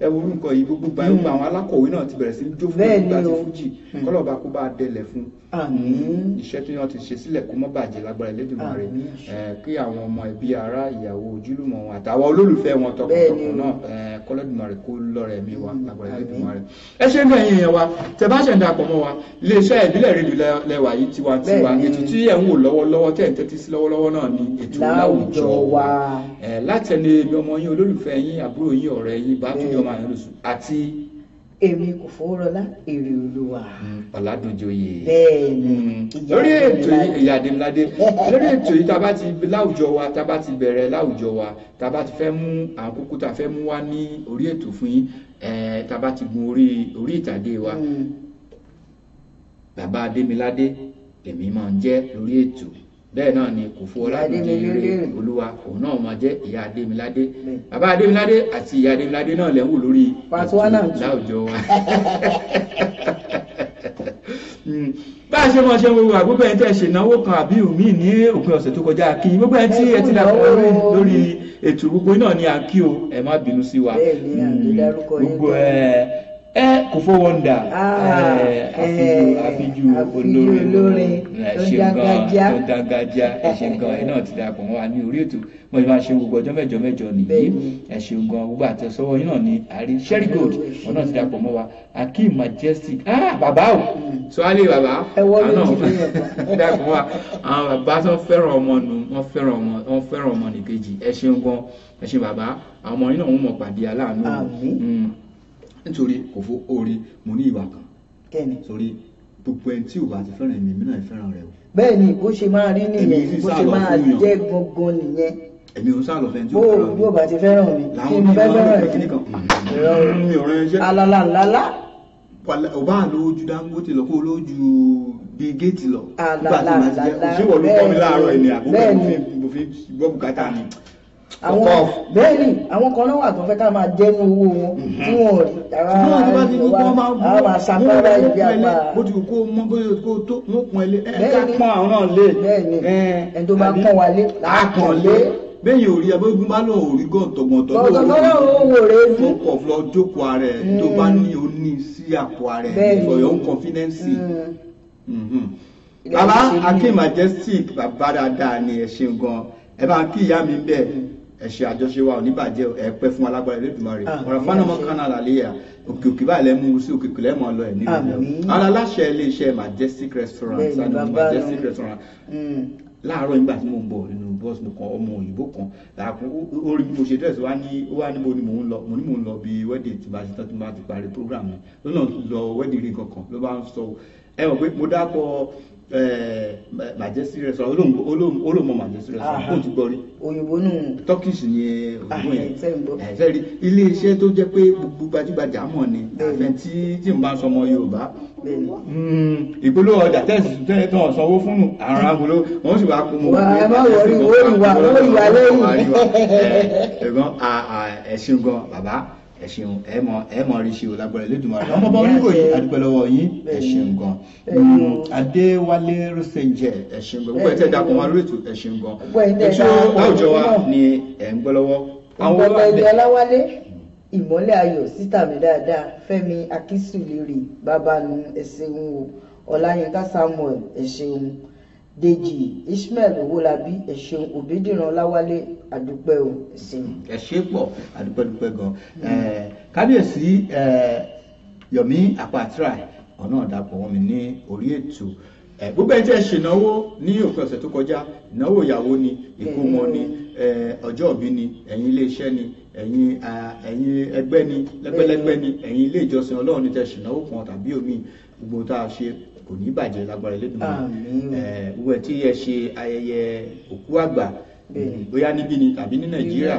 ẹ wo orúkọ yìí gbogbo àwọn alákọ̀wé náà ti bẹ̀rẹ̀ sí í jó fún àti fújì kọ́lọ́ọ̀bá kó bá a dẹlẹ̀ fún un iṣẹ́ tí wọ́n ti ṣe sílẹ̀ kó má bàjẹ́ lágbára Elédùmarè kí àwọn ọmọ ẹbí ará ìyàwó ojúlùmọ̀ wọn àtàwọn olólùfẹ́ wọn tọkàntọkàn náà kọ́lẹ́dùmarè kó lọ́rẹ̀ mi wá lágbára Elédùmarè. ẹ ṣe ń gbẹ̀yìn yẹn wa tẹ́ bá ṣẹ̀ ń dàpọ̀ mọ́ wa iléeṣẹ́ ìbílẹ̀ rédíò lẹ́wà yìí tiwa tiwa ètò tí ẹ̀ ń wò lọ́wọ́lọ́wọ́ tẹ̀ ń tẹ́tí sí ni ètò láwùjọ wa látẹ̀lé èmi kò fowórọlá èrè olúwa. Hmm, ọ̀làdúnjọyè. bẹ́ẹ̀ni. lórí ètò hmm, ìyàdínládé lórí ètò yìí tá a bá ti láwùjọ wa tá a bá ti bẹ̀rẹ̀ láwùjọ wa tá a bá ti fẹ́ mú àwọn kókó tá a fẹ́ mú wá ní orí ètò fún yín tá a bá ti gun orí ìtàgé wa. Hmm. bàbá adémiládé lèmi máa ń jẹ́ lórí ètò bẹ́ẹ̀ náà ni kò fún ọlábìnrin olúwa òun náà máa jẹ́ ìyá adémiládé bàbá adémiládé àti ìyá adémiládé náà lẹ́ ń wò lórí ètò láwùjọ wa bá a ṣe mọ ṣe wíwà gbogbo ẹni tẹ́ ṣe ìnáwó kan àbí òmíì ní òpin ọ̀sẹ̀ tó kọjá kí gbogbo ẹni tí ẹ ti dàpọ̀ lórí ètò gbogbo náà ni à kí o ẹ má bínú sí wa mm, gbogbo ẹ ẹ kò fọ wọn dà ah, ẹ àfijù olórin ṣẹ̀ǹkan tó dágájá ẹ ṣẹ̀ǹkan ẹ náà ti dàpọ̀ wọn wà ní orí ètò wọn yìí máa ṣe gbogbo ọjọ́ mẹ́jọ mẹ́jọ nìyí ẹ ṣẹ̀ǹkan gbogbo àtẹ̀sọ́wọ́ yìí náà ní àrí sherry gold wọn náà ti dàpọ̀ mọ́ wa akeem majestic ah bàbá o sọ́álé bàbá àná dàpọ̀ wa àwọn bàbá tó fẹ́ràn ọmọ nù wọ́n fẹ́ràn ọmọ nìkejì ẹ ṣẹ̀ǹkan ẹ ṣe bàbá àwọn ọmọ yìí náà wọ́n mọ̀ pàdé aláàánú nítorí kò fún oore mo ní ìwà kan kẹ́ni sórí gbogbo ẹni tí ò bá ti fẹ́ràn èmi náà fẹ́ràn rẹ o. bẹ́ẹ̀ ni bó ṣe máa rí nìyẹn bó ṣe máa jẹ́ gangan nìyẹn. èmi ò sálọ fẹ́ tí ò fẹ́ràn mi. bó o bá ti fẹ́ràn mi kí n fẹ́ fẹ́ràn mi. alalalala. ò bá lójú Dangote lọ kó lójú bíi géètì lọ. alalalala bẹ́ẹ̀ ni bẹ́ẹ̀ ni bẹ́ẹ̀ ni bọ́ọ̀bù kátà ni àwọn bẹ́ẹ̀ ni àwọn kan náà wà tó fẹ́ ká máa jẹ́nu owó wọn tí mhm. wọn ò àwọn àṣàpára ìgbé àpá. bó ti kó mọ bóyá kó tó mú pọn ilé ẹ ká pọn àwọn náà lé. bẹ́ẹ̀ ni ẹ tó bá pọn wa lé. a pọn lé bẹ́yìn ò rí ẹ bóyá bá lọ́ọ̀ rí gọ̀ǹtọ̀gọ̀ǹtọ̀ lóòrò tó kọ̀ lọ jókòó ààrẹ tó bá ní mm. o ní sí àpò ààrẹ for your own confidence. Mm. Mm-hmm. bàbá akin majestic bàbá dáadáa ni ẹ ṣeun gan ẹ bá kí ìyá mi bẹ́ẹ̀ ẹ̀ṣẹ̀ àjọṣe wa ò ní bàjẹ́ ẹ pẹ́ fún alágbára ọ̀rọ̀ fánàmọ́ kánàlà léyà òkè òkè báyìí lẹ́mú sí òkè òkè lẹ́mọ̀ lọ ẹ̀ nílùú ara láṣẹ iléeṣẹ́ majestic restaurant sanu majestic restaurant mm. láàárọ̀ nígbà tí mo ń bọ̀ nínú bọ́ọ̀sì mo kàn ọmọ òyìnbó kan làákùn orí bí mo ṣe dẹ́sẹ̀ wá ní ó wá níbo ni mò ń lọ mo ní mò ń lọ bí wedding tí bá ti tán tí bá ti parí program mi lọ́nà lọ wedding ring kankan ló bá ń sọ ẹ mọ̀ pé mo dápọ̀ Eh, majesty restaurant olóòmọ majesty restaurant kò tún gbọ́ òyìnbó nù. turkish ni eh, òyìnbó ah, yẹn ẹ̀fẹ́ eh, rí ilé iṣẹ́ tó jẹ́ pé gbogbo gbajúgbajà mọ̀ ni àfẹ́ tí tí n bá ń sọmọ yorùbá hmm, ìpolówó ọjà tẹ́sí tẹ́tàn sanwó fún àrùn hmm. agolo wọ́n sì wá kó mọ̀. wàá má wọrí owó ìwà owó ìwà lẹ́yìn. ẹ̀gbọ́n ẹ̀ṣin gan bàbá ẹ ṣeun ẹ mọ ẹ mọ rí ṣe o lágbára Elédùmarè ọmọ bọ oníwò yìí adúpẹ́ lọ́wọ́ yín ẹ ṣeun gan mm, Adéwálé Rosenjẹ ẹ ṣeun gan gbogbo ẹ tẹ wọn lórí ètò ẹ gan ètò àwùjọ wa ni ẹ ń gbọ́ lọ́wọ́. ìgbàgbọ́ ìgbàláwálé ìmọ́lẹ̀ ayọ̀ síta mi dáadáa Fẹ́mi Akínsùlérè bàbá nu ẹ ṣeun o Ọláyínká Samuel ẹ ṣeun. Dèjì Ismail Owólabí ẹ̀ṣẹ̀ Òbídìran Láwálé àdúpẹ́ o ẹ̀sìn. ẹ ṣé pọ̀ àdúpẹ́dúpẹ́ gan kábíyèsí Yomi Apatra ọ̀nà àdàpọ̀ wọn mi ní orí ètò gbogbo ẹni tí ẹ ní òpin ọ̀sẹ̀ tó kọjá ìnáwó ìyàwó ni ìkómọ ni ọjọ́ òbí ni ẹ̀yin iléeṣẹ́ ni ẹ̀yin ẹ̀yin ẹgbẹ́ ni lẹ́gbẹ́lẹ́gbẹ́ ni ẹ̀yin ilé ìjọsìn Ọlọ́run ni tẹ ṣènáwó kan tàbí omi gbogbo tá a ṣe kò ní bàjẹ́ lágbára Elédùmarè wúwo tí ẹ ṣe ayẹyẹ òkú àgbà bóyá níbí ni tàbí ní Nàìjíríà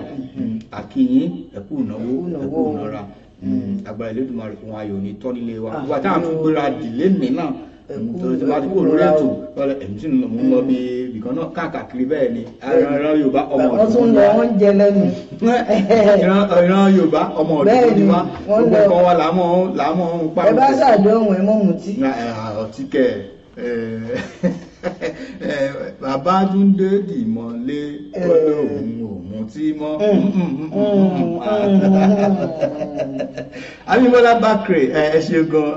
àkìyìn mm, ẹ̀kú ìnáwó ẹ̀kú ìnára mm, mm. agbára Elédùmarè fún ayọ̀ ní tọ́nílé wa wà táwọn fún gbéra dìlé mi tọ́jú bá ti kó lórí ètò ẹ̀mí sì mú lọ bí ibìkan náà káàkiri bẹ́ẹ̀ ni ìran Yorùbá ọmọ ọ̀dùnkún wa. wọ́n tún lọ oúnjẹ lẹ́nu. ìran Yorùbá ọmọ ọ̀dùnkún wa gbogbo ẹ̀kọ́ wa làmọ́ làmọ́ ń parí. ẹ bá ṣàdéhùn ẹ mọ̀ mutí. ọtí kẹ ẹ. Babátúndé dìmọ̀lé olóhùn òun tí mọ́ Abímbọ́lá Bákrè ẹ ṣe gan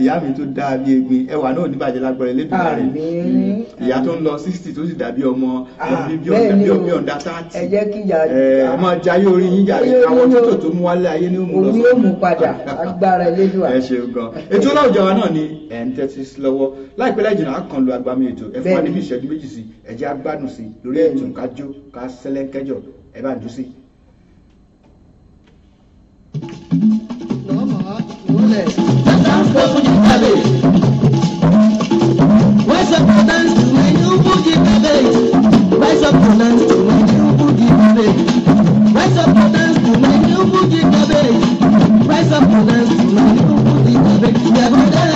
ìyá mi tó dáa bí egbin ẹwà náà ní bàjẹ́ lágbára rẹ̀ mm. ìyá tó ń lọ sixty tó sì dàbí ọmọ ah, bí ọ̀dà thirty ẹ jẹ́ kí ìyá ẹ yín jàre àwọn tó tó mú wálé ayé ní òmùlọ́sọ̀rọ̀ òun yóò mú padà agbára ẹlẹ́dùnmá ẹ ṣe gan ètò ọlọ́ọ̀jọ̀ náà ni ẹ̀ ń tẹ́tí lọ́wọ́ láìpẹ́ láìjìnà á kàn lu agbami ètò ẹ fún wa níbi ìṣẹ́jú méjì sí ẹ jẹ́ agbádùn sí lórí ẹ̀tún ká jó ká sẹ́lẹ̀kẹ́jọ ẹ bá ń dún sí. lọ́mọ ìwọlẹ̀ tata ń pẹ́ fún yín kálẹ̀ wọ́n sọ pé dáńsì mi ní ó fún yín kálẹ̀ wọ́n sọ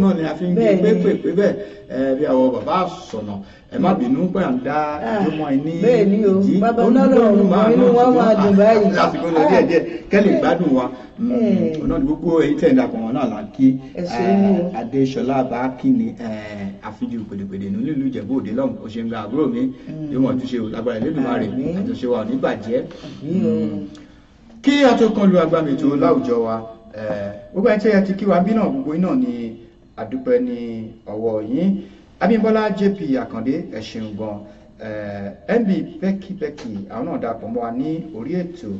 náà ni a fi ń gbé pépèpé bẹ́ẹ̀ bí àwọn bàbá àsọ̀nà ẹ má bínú pé à ń dá ah, ìjọmọ ìní ìdí olùdókòwò máa ń lọ lásìkò lọ díẹ̀ díẹ̀ kẹ́lẹ̀ ìgbádùn wa mm, eh. ọ̀nà ní gbogbo èyí tẹ̀ ń dàpọ̀ wọn náà là ń kí eh, Adéṣọlá Bákínì eh, àfijù pèdèpèdè nílùú Ìjẹ̀bú Òde lọ́hùn ó ṣe ń gba àbúrò mi mm. yóò mọ̀ ojúṣe lágbára Elédùmarè àjọṣe wa ò ní bàjẹ́ mm. kí a tó kan lu agbámi ètò láwùjọ wa gbogbo ẹ̀ tí ẹ ti kí wa bí náà gbogbo iná ni dúpẹ́ ní ọwọ́ yín Abímbọ́lá JP Àkàndé ẹ ṣeun gan mb pẹ́kípẹ́kí àwọn náà dàpọ̀ mọ́ wa ní orí ètò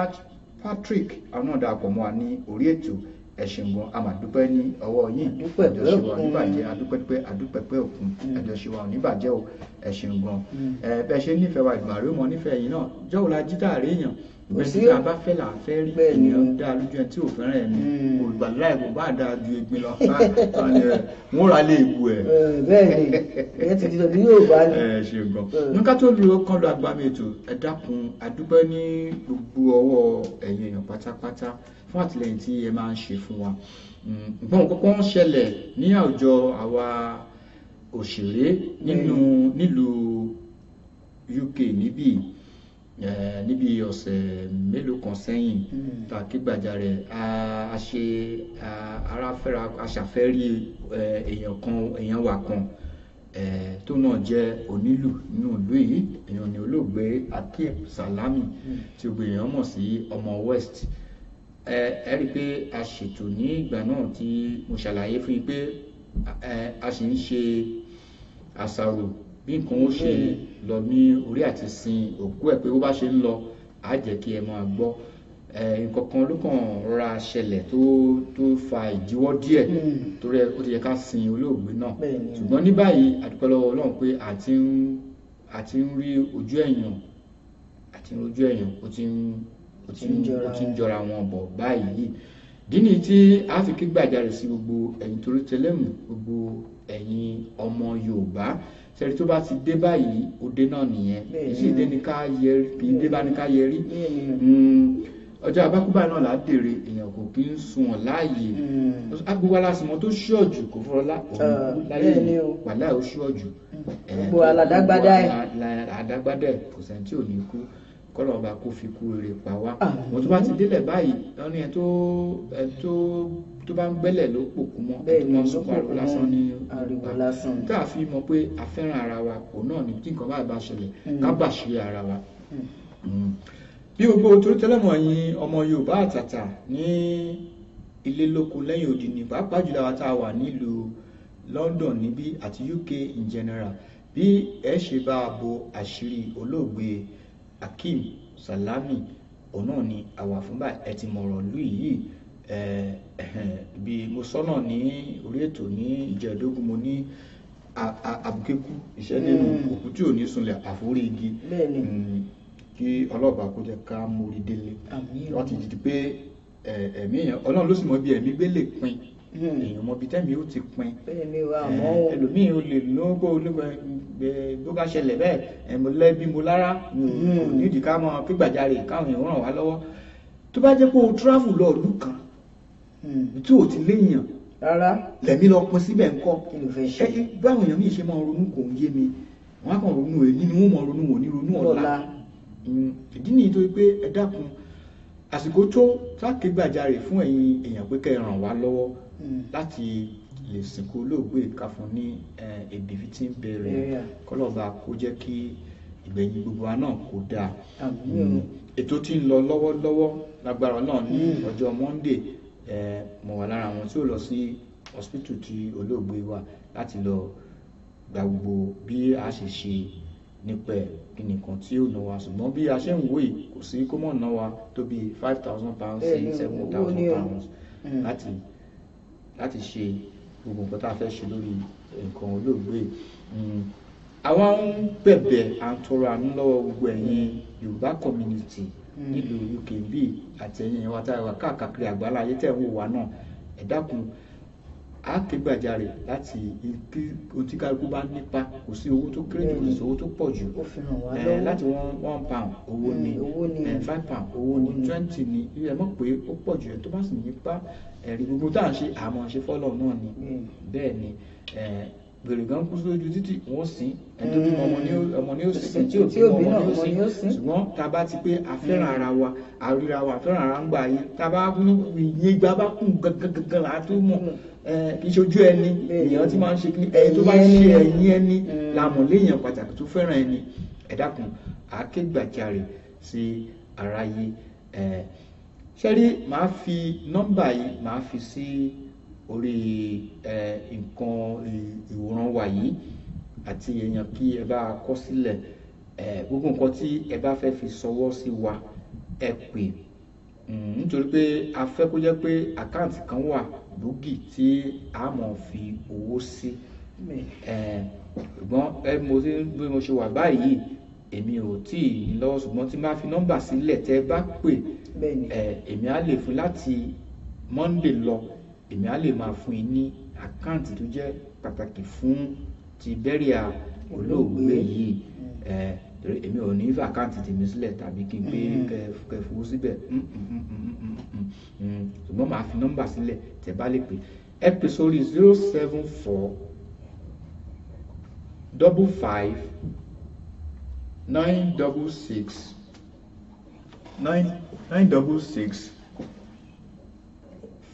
art Patrick àwọn náà dàpọ̀ mọ́ wa ní orí ètò ẹ̀sìn gan a máa dúpẹ́ ní ọwọ́ yín àjọṣe wa oníbàjẹ́ adúpẹ́pẹ́ adúpẹ́pẹ́ òkun mm. àjọṣe wa oníbàjẹ́ o ẹ̀sìn gan mm. bẹ́ẹ̀ ṣe nífẹ̀ẹ́ wa ìgbà mọ́ nífẹ̀ẹ́ yìí náà jọ́wọ́ la jí táàrí èèyàn gbèsè àbá fẹ́ là ń fẹ́ rí ènìyàn dá lójú ẹ tí ò fẹ́ràn ẹni hmm. kò gbà láì kò bá dáa ju egbin lọ bá ń ra lè bu ẹ. bẹ́ẹ̀ni ẹ ti di ọdún yóò bá ní. ẹ ṣe gbọ́ ní ká tó lu kán lọ agbami ètò ẹ dákun àdúgbò ní gbogbo ọwọ́ ẹ̀yin èèyàn pátápátá fún àtìlẹ́yìn tí ẹ máa ń ṣe fún wa hmm, nǹkan kọ́kọ́ ń ṣẹlẹ̀ ní àwùjọ àwa òṣèré nínú nílùú UK níbí yìí níbi ọ̀sẹ̀ mélòó kan sẹ́yìn hmm. tá a ké a ṣe aráfẹ́ra aṣàfẹ́rí èèyàn kan èèyàn wà kan tó náà jẹ́ onílù nínú ìlú yìí èèyàn ni olóògbé akeem salami hmm. tí gbogbo èèyàn mọ̀ sí ọmọ west ẹ rí i pé a ṣètò ní ìgbà náà tí mo ṣàlàyé fún yín pé a sì ń ṣe àṣàrò bí nǹkan ó ṣe lọ ní orí àti sin òkú ẹ̀ pé bó bá ṣe ń lọ á jẹ́ kí ẹ máa gbọ́ nǹkan kan ló kàn ra ṣẹlẹ̀ tó tó fa ìdíwọ́ díẹ̀ hmm. torí ó ti yẹ ká sin olóògbé náà ṣùgbọ́n ní báyìí àdúpẹ́ lọ́wọ́ Ọlọ́run pé àti ń àti ń rí ojú ẹ̀yàn àti ń rojú ẹ̀yàn ó ti ń ó ti ń ó ti ń jọra wọn bọ̀ báyìí ìdí tí a fi kí gbàjarè sí gbogbo ẹ̀yin torí tẹlẹ́mù gbogbo ẹ̀yin ọmọ Yorùbá sẹ́ni tó bá ti dé báyìí òde náà nìyẹn èsì ìdé ni ká yẹ kì í dé bá ni ká yẹ rí hmm. ọjọ́ abákúbá náà là á dèrè èèyàn kò kí ń sun ọ̀ láàyè agbègbè hmm. alásùnmọ́ tó ṣíọ̀jù kò fọ̀rọ̀ ah, láyé wàláì ó ṣíọ̀jù hmm. gbogbo alàdágbádá ẹ̀ alàdágbádá ẹ̀ kò sẹ́ni tí ò ní kú kọ́lọ̀ ọba kó fi kú rere pa wá ah. mo tún bá ti délẹ̀ báyìí wọ́n ní ẹ tó tó bá ń gbẹ́lẹ̀ ló pòkú mọ́ bẹ́ẹ̀ ni wọ́n sọ̀kọ̀ ariwo lásán ní ariwo lásán tá a fi mọ̀ pé a ara wa kò náà ni tí nǹkan bá bá ṣẹlẹ̀ hmm. ká bà ṣe ara wa. Hmm. Hmm. bí gbogbo torí tẹ́lẹ̀mọ̀ yín ọmọ Yorùbá àtàtà ní ilé lóko lẹ́yìn odi ní pàápàá jùlọ àwọn tá a wà nílùú London níbí àti UK in general bí ẹ ṣe bá a bo àṣírí olóògbé Akeem Salami òun náà ni àwàfúnbà ẹ ti mọ̀rọ̀ lù yìí bí mo sọ́nà ní orí ètò ní ìjẹ́ẹ̀dógún mo ní àbùkékù iṣẹ́ nínú hmm. òkú tí ò ní sunlẹ̀ àforí igi hmm, kí ọlọ́ọ̀bà kó jẹ́ ká mórí délé láti dìde pé ẹ̀mí èèyàn ọlọ́run ló sì mọ bí ẹ̀mí gbé lè pin hmm. èèyàn mọ bí tẹ́mi ó ti pin ẹlòmíì ó lè lóko ló bá ṣẹlẹ̀ bẹ́ẹ̀ ẹ̀mọ lẹ́bí mo lára nídìí ká mọ pígbàjarè káwọn èèyàn ràn wá lọ́wọ́ tó bá jẹ́ pé o travel lọ ìlú kan Hmm, tí ò ti léèyàn rárá lẹ́mí lọ pin síbẹ̀ ńkọ́ kí ló fẹ́ ṣe ẹ báwọn èèyàn mi ṣe máa ronú kò ń yé mi wọn á kàn ronú èyí ni wọn mọ ronú wọn ní ronú ọ̀la hmm, ìdí nìyí tó pé ẹ dákun àsìkò tó lákègbàjarè fún ẹ̀yin èèyàn pé kẹ́ ẹ ràn wá lọ́wọ́ hmm. láti lè sìnkú olóògbé ká fún ní èdè fi ti ń bẹ̀rẹ̀ kọ́lọ́ba kó jẹ́ kí ìgbẹ̀yìn gbogbo wa náà kó dáa ètò tí ń lọ lọ́wọ́lọ́wọ́ lágbára náà ní ọjọ́ Monday mo wà lára àwọn tí ó lọ sí hospital tí olóògbé wà láti lọ gba gbogbo bí a ṣe ṣe nípa ẹ̀ kí nìkan tí ó ná wa ṣùgbọ́n bí a ṣe ń wòye kò sí kó mọ̀ ná wa tó bí five thousand pounds sí seven thousand pounds hmm. láti láti ṣe gbogbo nǹkan tá a fẹ́ ṣe lórí nǹkan olóògbé hmm. àwa ń bẹ̀bẹ̀ à ń gbogbo ẹ̀yin Yorùbá community Hmm. nílùú UK bíi àti ẹ̀yin tá a wà káàkiri àgbáńlá ayé tẹ̀ ń wò wá náà ẹ dákun ké gbàjarè láti kí ohun bá nípa kò sí owó tó kéré jù kò sí hmm. owó tó pọ̀ jù láti one pound owó ni hmm, five pound owó ni twenty ni ẹ mọ̀ pé ó pọ̀ jù ẹ tó bá sì nípa ẹ̀rí gbogbo tá à ń ṣe àmọ́ ṣe fọ́lọ́ náà ni bẹ́ẹ̀ ni gbèrègán kú sójú títì wọ́n sìn ẹni tó bímọ ọmọ ní òsì ẹni tí ò bímọ ọmọ ní òsì ṣùgbọ́n tá a bá ti pé àfẹ́ràn ara wa àríra wa àfẹ́ràn ara ń gbà yìí tá a bá yín gbà bá kún gangan là á tó mọ̀ ìṣojú ẹni èèyàn ti máa ń ṣe kí ẹni tó bá ṣe ẹ̀yìn ẹni la mọ̀ léèyàn pàtàkì tó fẹ́ràn ẹni ẹ dákun àákégbàjarè sí aráyé ṣẹ́rí màá fi nọ́mbà yìí màá fi sí. Si, orí nǹkan ìwòran wa yìí àti èèyàn kí ẹ bá kọ sílẹ̀ gbogbo nǹkan tí ẹ bá fẹ́ fi ṣọwọ́ sí wa ẹ pè hmm, nítorí pé a fẹ́ kó jẹ́ pé àkáǹtì kan wà gbòógì tí a mọ̀ fi owó sí ṣùgbọ́n ẹ mo ti bí mo ṣe wà báyìí èmi ò tí ì lọ́wọ́ ṣùgbọ́n tí n fi nọ́mbà sílẹ̀ tẹ́ ẹ bá pè èmi á lè fún láti Monday lọ èmi á lè máa fún yín ní àkáǹtì tó jẹ́ pàtàkì fún ti bẹ́ríà olóògbé yìí mm. ẹ torí èmi ò ní fẹ́ àkáǹtì tèmi sílẹ̀ tàbí kí n gbé mm. kẹ fowó síbẹ̀ mm, ṣùgbọ́n màá fi nọ́mbà sílẹ̀ tẹ̀ bá lè pè ẹ pè sórí zero seven four double five nine double six nine nine double six.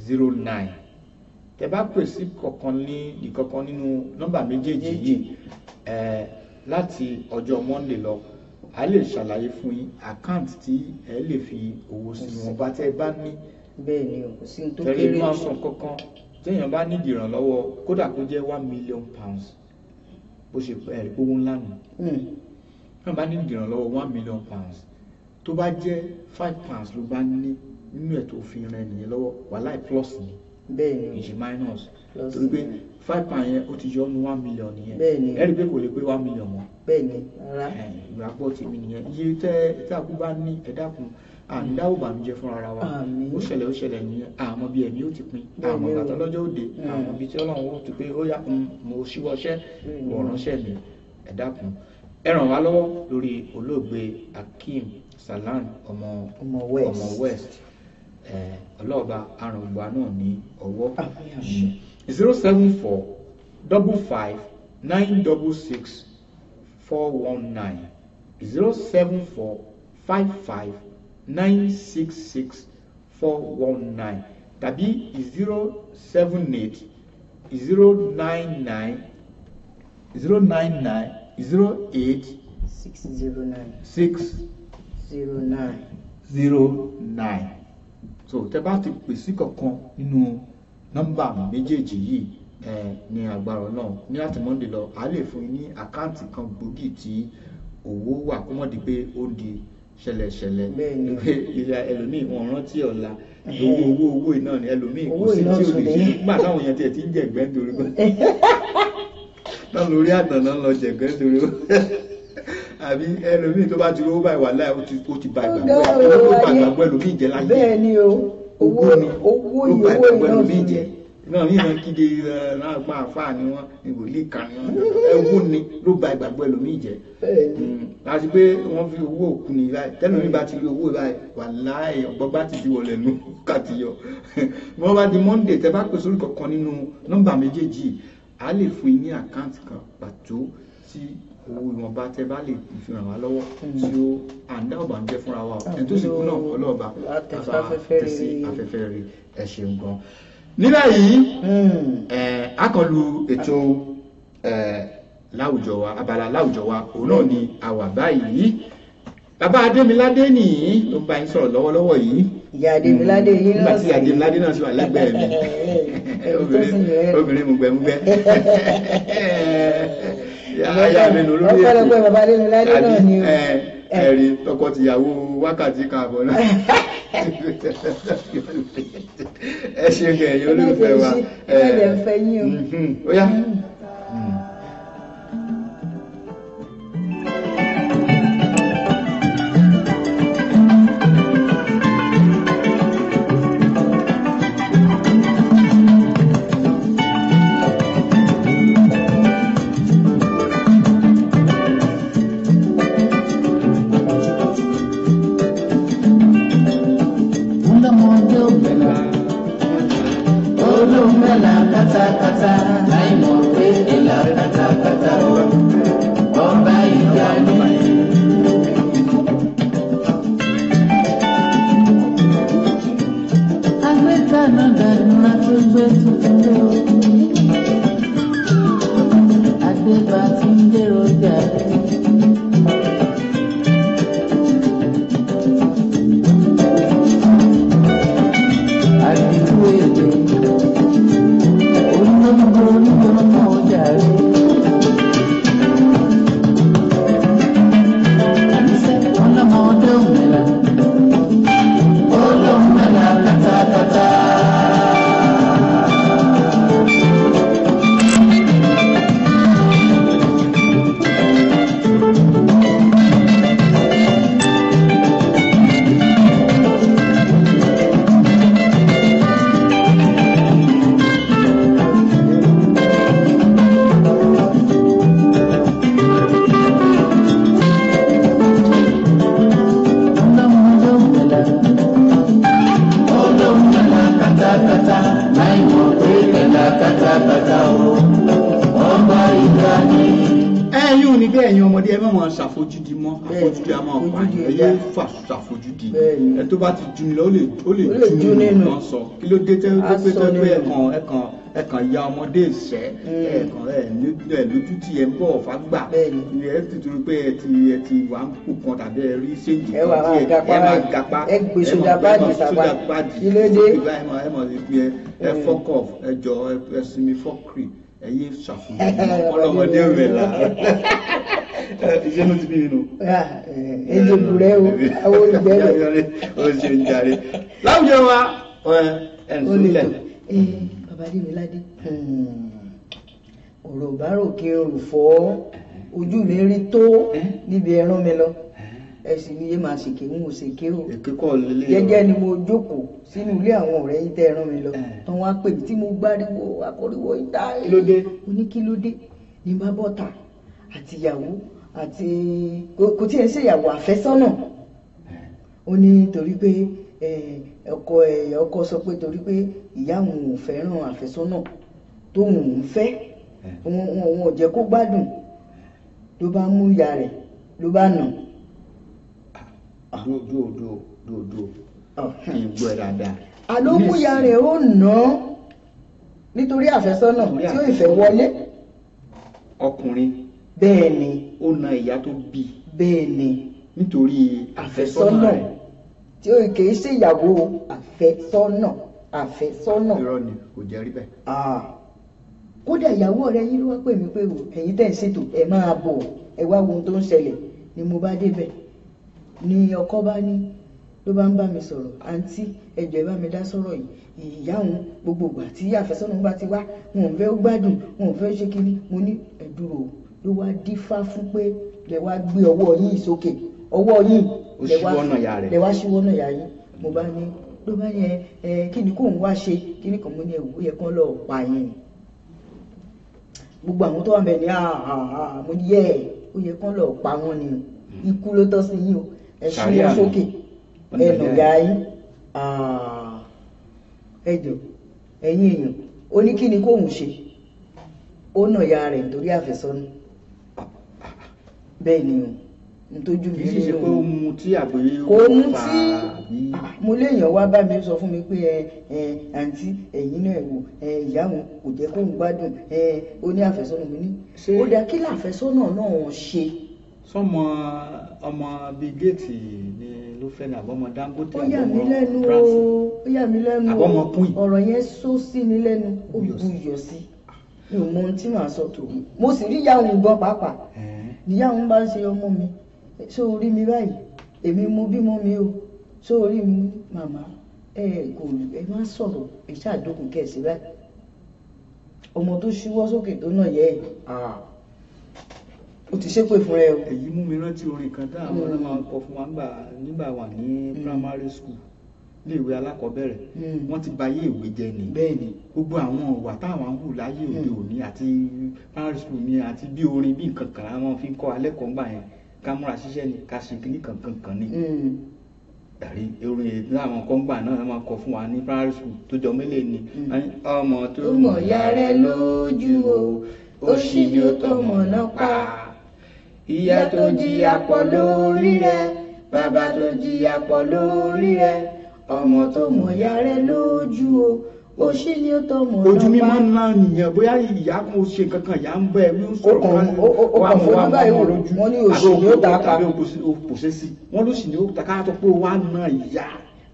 zero nine tẹ bá pè sí kọ̀ọ̀kan ní ìkọ̀ọ̀kan nínú nọ́mbà méjèèjì yìí láti ọjọ́ monday lọ a lè ṣàlàyé fún yín àkáǹtì tí ẹ lè fi owó sínú wọn bá tẹ bá ní bẹ́ẹ̀ ni o kò sí ní tó kéré tẹ̀lé máa san kankan téèyàn bá nídìí ìrànlọ́wọ́ kódà kó jẹ́ one million pounds bó ṣe ẹ̀rí owó ńlá nù hmm. téèyàn bá nídìí ìrànlọ́wọ́ one million pounds tó bá jẹ́ five pounds ló bá ní nínú ẹ̀ tó fi ran lọ́wọ́ wàhálà plus ni bẹ́ẹ̀ni minus torí pé five pound yẹn ó ti yọ ọ́nu one million yẹn bẹ́ẹ̀ni ẹ̀rí pé kò lè pé one million mọ́ bẹ́ẹ̀ni rárá ìgbàgbọ́ tèmi nìyẹn iye tẹ́ tí àkú bá ní ẹ̀dákun àǹdáwò bàmíjẹ fúnra ara wa ó ṣẹlẹ̀ ó ṣẹlẹ̀ nìyẹn àmọ́ bí ẹ̀mí ó ti pin àmọ́ bàtà lọ́jọ́ òde àmọ́ bí tí ọlọ́run ó ti pé ó yá mo ṣíwọ́ṣẹ́ wọ̀ránṣẹ́ mi ẹ̀dákun ẹ ràn wá lọ́wọ́ lórí olóògbé Akeem Salam ọmọ west Eh, ọlọ́ọ̀ba aràngbà náà ní ọwọ́ ah, hmm. zero seven four double five nine double six four one nine zero seven four five five nine six six four one nine tàbí zero seven eight zero nine nine zero nine nine zero eight six zero nine six zero nine zero nine so tẹ́ bá ti pè sí kankan nínú nọ́mbà méjèèjì yìí ẹ ní agbára náà ní láti monday lọ a lè fún yín ní àkáǹtì kan gbòógì tí owó wà kó mọ̀ di pé ó di ṣẹlẹ̀ṣẹlẹ̀ ìyá ẹlòmíì wọn rántí ọ̀la owó owó owó iná ni ẹlòmíì kò sí tí ò lè ṣe nígbà táwọn èèyàn tiẹ̀ ti ń jẹ̀gbẹ́ nítorí pé náà lórí àtàná lọ jẹ̀gbẹ́ nítorí pé. àbí ẹlòmíì tó bá ti rówó báyìí wà láì ó ti ba ìgbàgbọ́ ẹ̀ ó ba ìgbàgbọ́ ẹlòmíì jẹ́ láyé bẹ́ẹ̀ ni o owó ni owó ni owó ni náà fi jẹ náà ní ìran kíde náà pa àfáà ni wọn ìwò lè kà ni wọn ẹwú ni ló ba ìgbàgbọ́ ẹlòmíì jẹ àti hmm. pé wọn fi owó òkú ni báyìí tẹlifí bá ti rí owó báyìí wà láàyè ọgbọ́n bá ti di wọlé nù káàtì yọ wọn bá di monday tẹ bá pèsè orúkọ kan nínú nọ́mbà méjèèjì a lè fún yín ní àkáǹtì kan pàtó tí owó ìwọ̀nba tẹ bá lè fi ràn wá lọ́wọ́ tí ó àǹdá ọ̀bà ń jẹ́ fúnra wa ẹni tó sì kú náà kọ́ lọ́ọ̀bà àbá tẹ̀sí afẹ́fẹ́ rẹ̀ ẹ ṣeun gan. nílẹ̀ yìí akọlù ètò láwùjọ wa abala láwùjọ wa òun náà ni àwà báyìí bàbá adémiládé nìyí ló ń bá yín sọ̀rọ̀ lọ́wọ́lọ́wọ́ yìí ìyá adémiládé yìí náà sì nígbà tí adémiládé náà sì lẹ́gbẹ̀ẹ́ mi obìnrin mùgbẹ́mùgbẹ́ ọ̀pọ̀lọpọ̀ bàbá lẹ́nu ládé náà ni o. ẹ̀rí tọkọ-tìyàwó wákàtí kààbọ̀ náà ẹ ṣe kẹ̀yìn olùfẹ́ wa. ẹ ẹ ẹ fẹ́ yín o. Mhm. ó yá. Mhm. dúkìá máa pa yín ẹ yé fà ṣàfojúdi ẹ tó bá ti ju ni lọ ó lè ó lè ju nínú kan sọ kí ló dé tẹ́ pé tẹ́ pé ẹ̀kan ya ọmọdé ìṣẹ́ mm. ẹ̀kan ẹ̀ lójú tí ẹ ń bọ̀ ọ̀fà gbà ẹ ti torí pé ẹ ti ẹ ti wà ń kú kan tàbí ẹ rí séjì kan tí ẹ máa gapá ẹ gbé sójà páàdì sábà kí ló ẹ mọ̀ ẹ jọ ẹ sinmi fọ́kìrì ẹ yé ṣàfihàn ọlọmọdé la iṣẹ́ ti bí inú. ẹjẹ bùrẹ o àwọn olùgbẹ rẹ. o ṣe ń jàre láwùjọ wa ẹ ń sọ tẹ. Eh, bàbá mi ládé hmm, ọ̀rọ̀ kí n rò ojú mi rí tó eh? níbi ẹran mi lọ ẹ̀sìn mi yé máa ṣèké ń wò ṣèké o jẹ́jẹ́ ni mo jókòó sínú ilé àwọn ọ̀rẹ́ yìí tẹ́ ẹ rán mi lọ tán wá pè mí tí mo gbáriwo akọriwo ìta e. kílódé mo ní kílódé ni bá bọ́ta àti ìyàwó àti kò tí ẹ ṣe ìyàwó àfẹ́sọ́nà ó ní torí pé ọkọ ọkọ sọ pé torí pé ìyá òun ò fẹ́ràn àfẹ́sọ́nà tóun ò ń fẹ́ wọn ò jẹ́ kó gbádùn ló bá mú ìyá rẹ̀ ló bá nà án dúró dúró dúró dúró dúró ìgbọ́ ẹ̀ dáadáa. àló múya rẹ̀ ó nà án nítorí àfẹ́sọ́nà tí ó ìfẹ́ wọlé. ọkùnrin bẹ́ẹ̀ ni ó na ìyá tó bí i bẹ́ẹ̀ ni nítorí àfẹ́sọ́nà rẹ̀ tí ó kì í ṣe ìyàwó àfẹ́sọ́nà àfẹ́sọ́nà. irọ́ ni kò jẹ́ rí bẹ́ẹ̀. kódà ìyàwó rẹ yín ló wá pè mí pé ẹ̀yin tẹ̀ ń ṣètò ẹ̀ máa bọ̀ ẹ̀ wá wo ohun tó ń ṣẹlẹ̀ ni mo bá débẹ̀ ni ọkọ bá ní ló bá ń bá mi sọ̀rọ̀ àǹtí ẹjọ́ ẹ bá mi dá sọ̀rọ̀ yìí ìyá òun gbogbo ìgbà tí àfẹ́sọ́nà bá ti wá wọn ò fẹ́ ó gbádùn wọn ò fẹ́ ṣe kínní mo ní ẹ̀dùrò ló wá dífá fún pé lẹ wá gbé ọwọ́ yín sókè ọwọ́ yín lẹ wá ṣíwọ́ náà yá yín mo bá ní ló bá yẹ ẹ kí ni kóun wá ṣe kí ni kàn mo ní ẹwù yẹ kán lọ pa yín gbogbo àwọn tó wà mẹ́rin ní ah, ah, ah. mo ní yẹ ó yẹ kán lọ pa wọ́n ni hmm. ikú ló tọ́ sí yín o ẹ súnmọ́ sókè ẹnu gáyé ẹjọ ẹ̀yin èèyàn ó ní kí ni kóun ṣe ó nà ya rẹ̀ nítorí àfẹ́sọ́nù bẹ́ẹ̀ ni o ntójú mi nínú kò mú tí àgbèrè kò mú tí mo léèyàn wá bá mi sọ fún mi pé ẹ àǹtí ẹ̀yin náà wò ìyá wọn kò jẹ́ kóun gbádùn ó ní àfẹ́sọ́nà mi ní ó dá kí láfẹ́sọ́nà náà ṣe sọmọ ọmọ bíi géètì ni ló fẹ́ ni àbọ̀mọ Dangote àbọ̀mọ France ó yà mí lẹ́nu àbọ̀mọ queen ọ̀rọ̀ yẹn sọ sí mi lẹ́nu ó buyọ̀ sí mi ò mọ ohun tí màá sọ tó mo sì rí ìyá òun gan pàápàá ìyá òun bá ń ṣe ọmọ mi ṣó orí mi báyìí èmi mo bímọ mi o ṣó orí mi màmá ẹ kò ẹ má sọ̀rọ̀ ẹ ṣàdókùn kẹ̀sí báyìí ọmọ tó ṣíwọ́ sókè tó náà yẹ ẹ. Ah o ti ṣépè fún rẹ o. èyí mú mi rántí orin kan tá àwọn náà hmm. máa ń kọ fún wa nígbà wà ní hmm. primary school iléèwé alákọ̀ọ́bẹ̀rẹ̀ hmm. wọ́n ti bayé ìwé jẹ ni bẹ́ẹ̀ni gbogbo àwọn ọ̀wà táwọn ń hù láyé òde òní àti primary school ni àti bí orin bí nǹkan kan àwọn fi ń kọ́ alẹ́ kan gbà yẹn ká múra ṣiṣẹ́ ni ká ṣe kíní kankan kan ni dàrí orin èdè àwọn kan gbà náà máa kọ fún wa ní primary school tó jọ mélòó ni ọmọ tó mọ̀ yára lójú o ó ṣì ní ó tọmọ náà pa ìyá tó jìyà pọ̀ lórí rẹ̀ bàbá tó jìyà pọ̀ lórí rẹ̀ ọmọ tó mọ̀ ya rẹ̀ lójú o ó ṣe ni ó tọ mọ náà ojú mímọ ńlá nìyẹn bóyá ìyá kan ó ṣe kankan ìyá ń bẹ ẹmí ń sọ̀rọ̀ kan wà mọ wà mọ lójú wọn ní òsì ni ó ta ká àbí òpòṣẹsì wọn ló sì ní ó ta ká tó pé ó wà ìyá.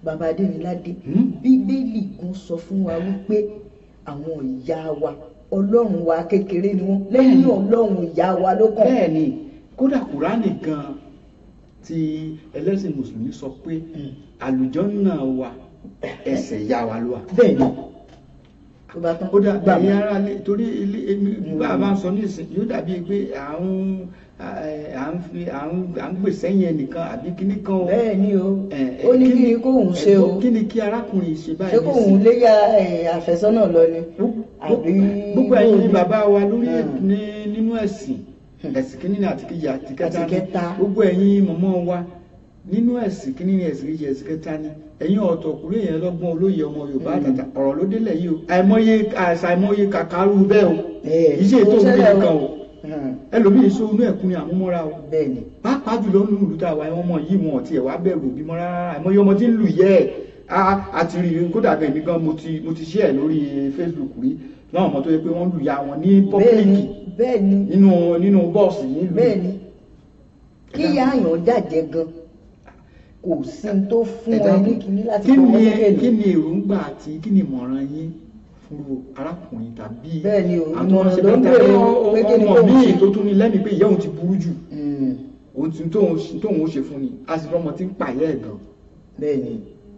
bàbá adémiládé hmm? bíbélì gan sọ fún wa wípé àwọn ìyá wa ọlọ́run wa kékeré ni wọ́n lẹ́yìn ọlọ́run ìyá wa ló kàn. bẹ́ẹ̀ ni kódà kùránì gan tí ẹlẹ́sìn mùsùlùmí sọ pé hmm, àlùjànnà wa ẹsẹ̀ ìyá wa ló wà. bẹ́ẹ̀ ni kódà ẹ̀yin ara lè torí ilé bá a bá ń sọ ní ìsìn yóò dàbí pé à ń à ń fi à ń à ń gbè sẹ́yìn ẹnìkan àbí kíní kan o. bẹ́ẹ̀ ni o ó ní kí ni kóhùn ṣe o kí ni kí arákùnrin ṣe báyìí sí. ṣé kóhùn lè ya àfẹ́sọ́nà lọ ni. gbogbo ẹ̀yin ni bàbá wa lórí hmm. nínú ẹ̀sìn ẹ̀sìn kínní àti kejì àti kẹta gbogbo ẹ̀yin mọ̀mọ́ wa nínú ẹ̀sìn kínní ẹ̀sìn kejì ẹ̀sìn kẹta ni ẹ̀yin ọ̀tọ̀kùnrin yẹn lọ́gbọ́n olóye ọmọ yorùbá mm. àtàtà ọ̀rọ̀ ló délẹ̀ yìí o àìmọye àṣà àìmọye kàkàrú bẹ́ẹ̀ o kì í ṣe ètò òun kéde kan o ẹlòmíín sọ inú ẹ̀kúnrin àmúmọ́ra o pàápàá jùlọ nínú ìlú tá ọmọ yìí wọn ọ̀tí ẹ̀ wá bẹ̀rù òbí mọ́ rárá àìmọye ọmọ tí ń lù yẹ́ ẹ̀ a a ti rí kódà bẹ́ẹ̀ mi gan mo ti mo ti share lórí Facebook rí láwọn ọmọ tó yẹ pé wọ́n lùyà wọn ní pọ́bílìkì nínú nínú bọ́ọ̀sì nílùú. bẹ́ẹ̀ni kíyà àyàn jàjẹ gan kò sí n tó fún ọ ní kíní láti fọwọ́ sókè lò. kí ni èròǹgbà àti kí ni ìmọ̀ràn yín fún arákùnrin tàbí àwọn ọmọ míì tó tún ní lẹ́mìí pé ìyá òun ti burú jù hmm. ohun tóun ó ṣe fún ni a sì rọ́mọ tí ń pààyà ẹ̀ gan. bẹ́ẹ̀ni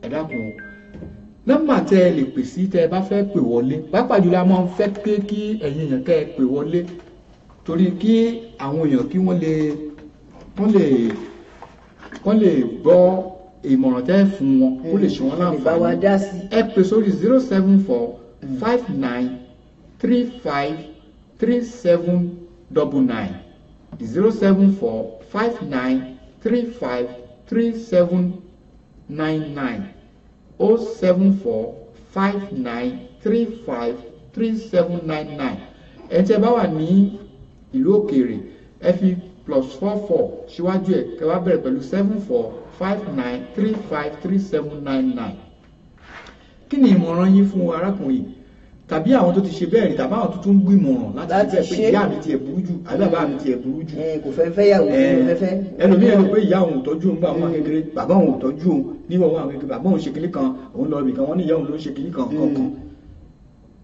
ẹ dákun o nọ́mbà tẹ ẹ lè pè sí tẹ ẹ bá fẹ́ pè wọlé pàápàá jùlọ a máa ń fẹ́ pé kí ẹ̀yin èèyàn kẹ́ ẹ pè wọlé torí kí àwọn èèyàn kí wọ́n lè wọ́n lè wọ́n lè gbọ́ ìmọ̀ràn tẹ́ fún wọn kó lè ṣe wọ́n láǹfààní ẹ pè sórí zero seven four mm. five nine three five three seven double nine zero seven four five nine three five three seven. 99 074 5935 3799 ẹ̀ tí ẹ bá wà ní ìlú òkèèrè ẹ fi plus four four síwájú ẹ̀ kẹ́ wá bẹ̀rẹ̀ pẹ̀lú seven four five nine three five three seven nine nine kí ni ìmọ̀ràn yín fún arákùnrin yìí tàbí àwọn tó ti ṣe bẹ́ẹ̀ rí tàbí àwọn tó tún ń gbìmọ̀ràn láti ṣe pé ìyá mi tiẹ̀ burú jù àbí bàbá mi tiẹ̀ burú jù. kò fẹ́ fẹ́ yàwó kò fẹ́ fẹ́. ẹlòmíràn ló pé ìyá òun ò tọ́jú òun bá àwọn akékeré bàbá òun ò tọ́jú òun níwọ̀ àwọn akékeré bàbá òun ṣe kinní kan òun lọ ibì kan wọ́n ní ìyá òun ló ń ṣe kinní kan hmm. kankan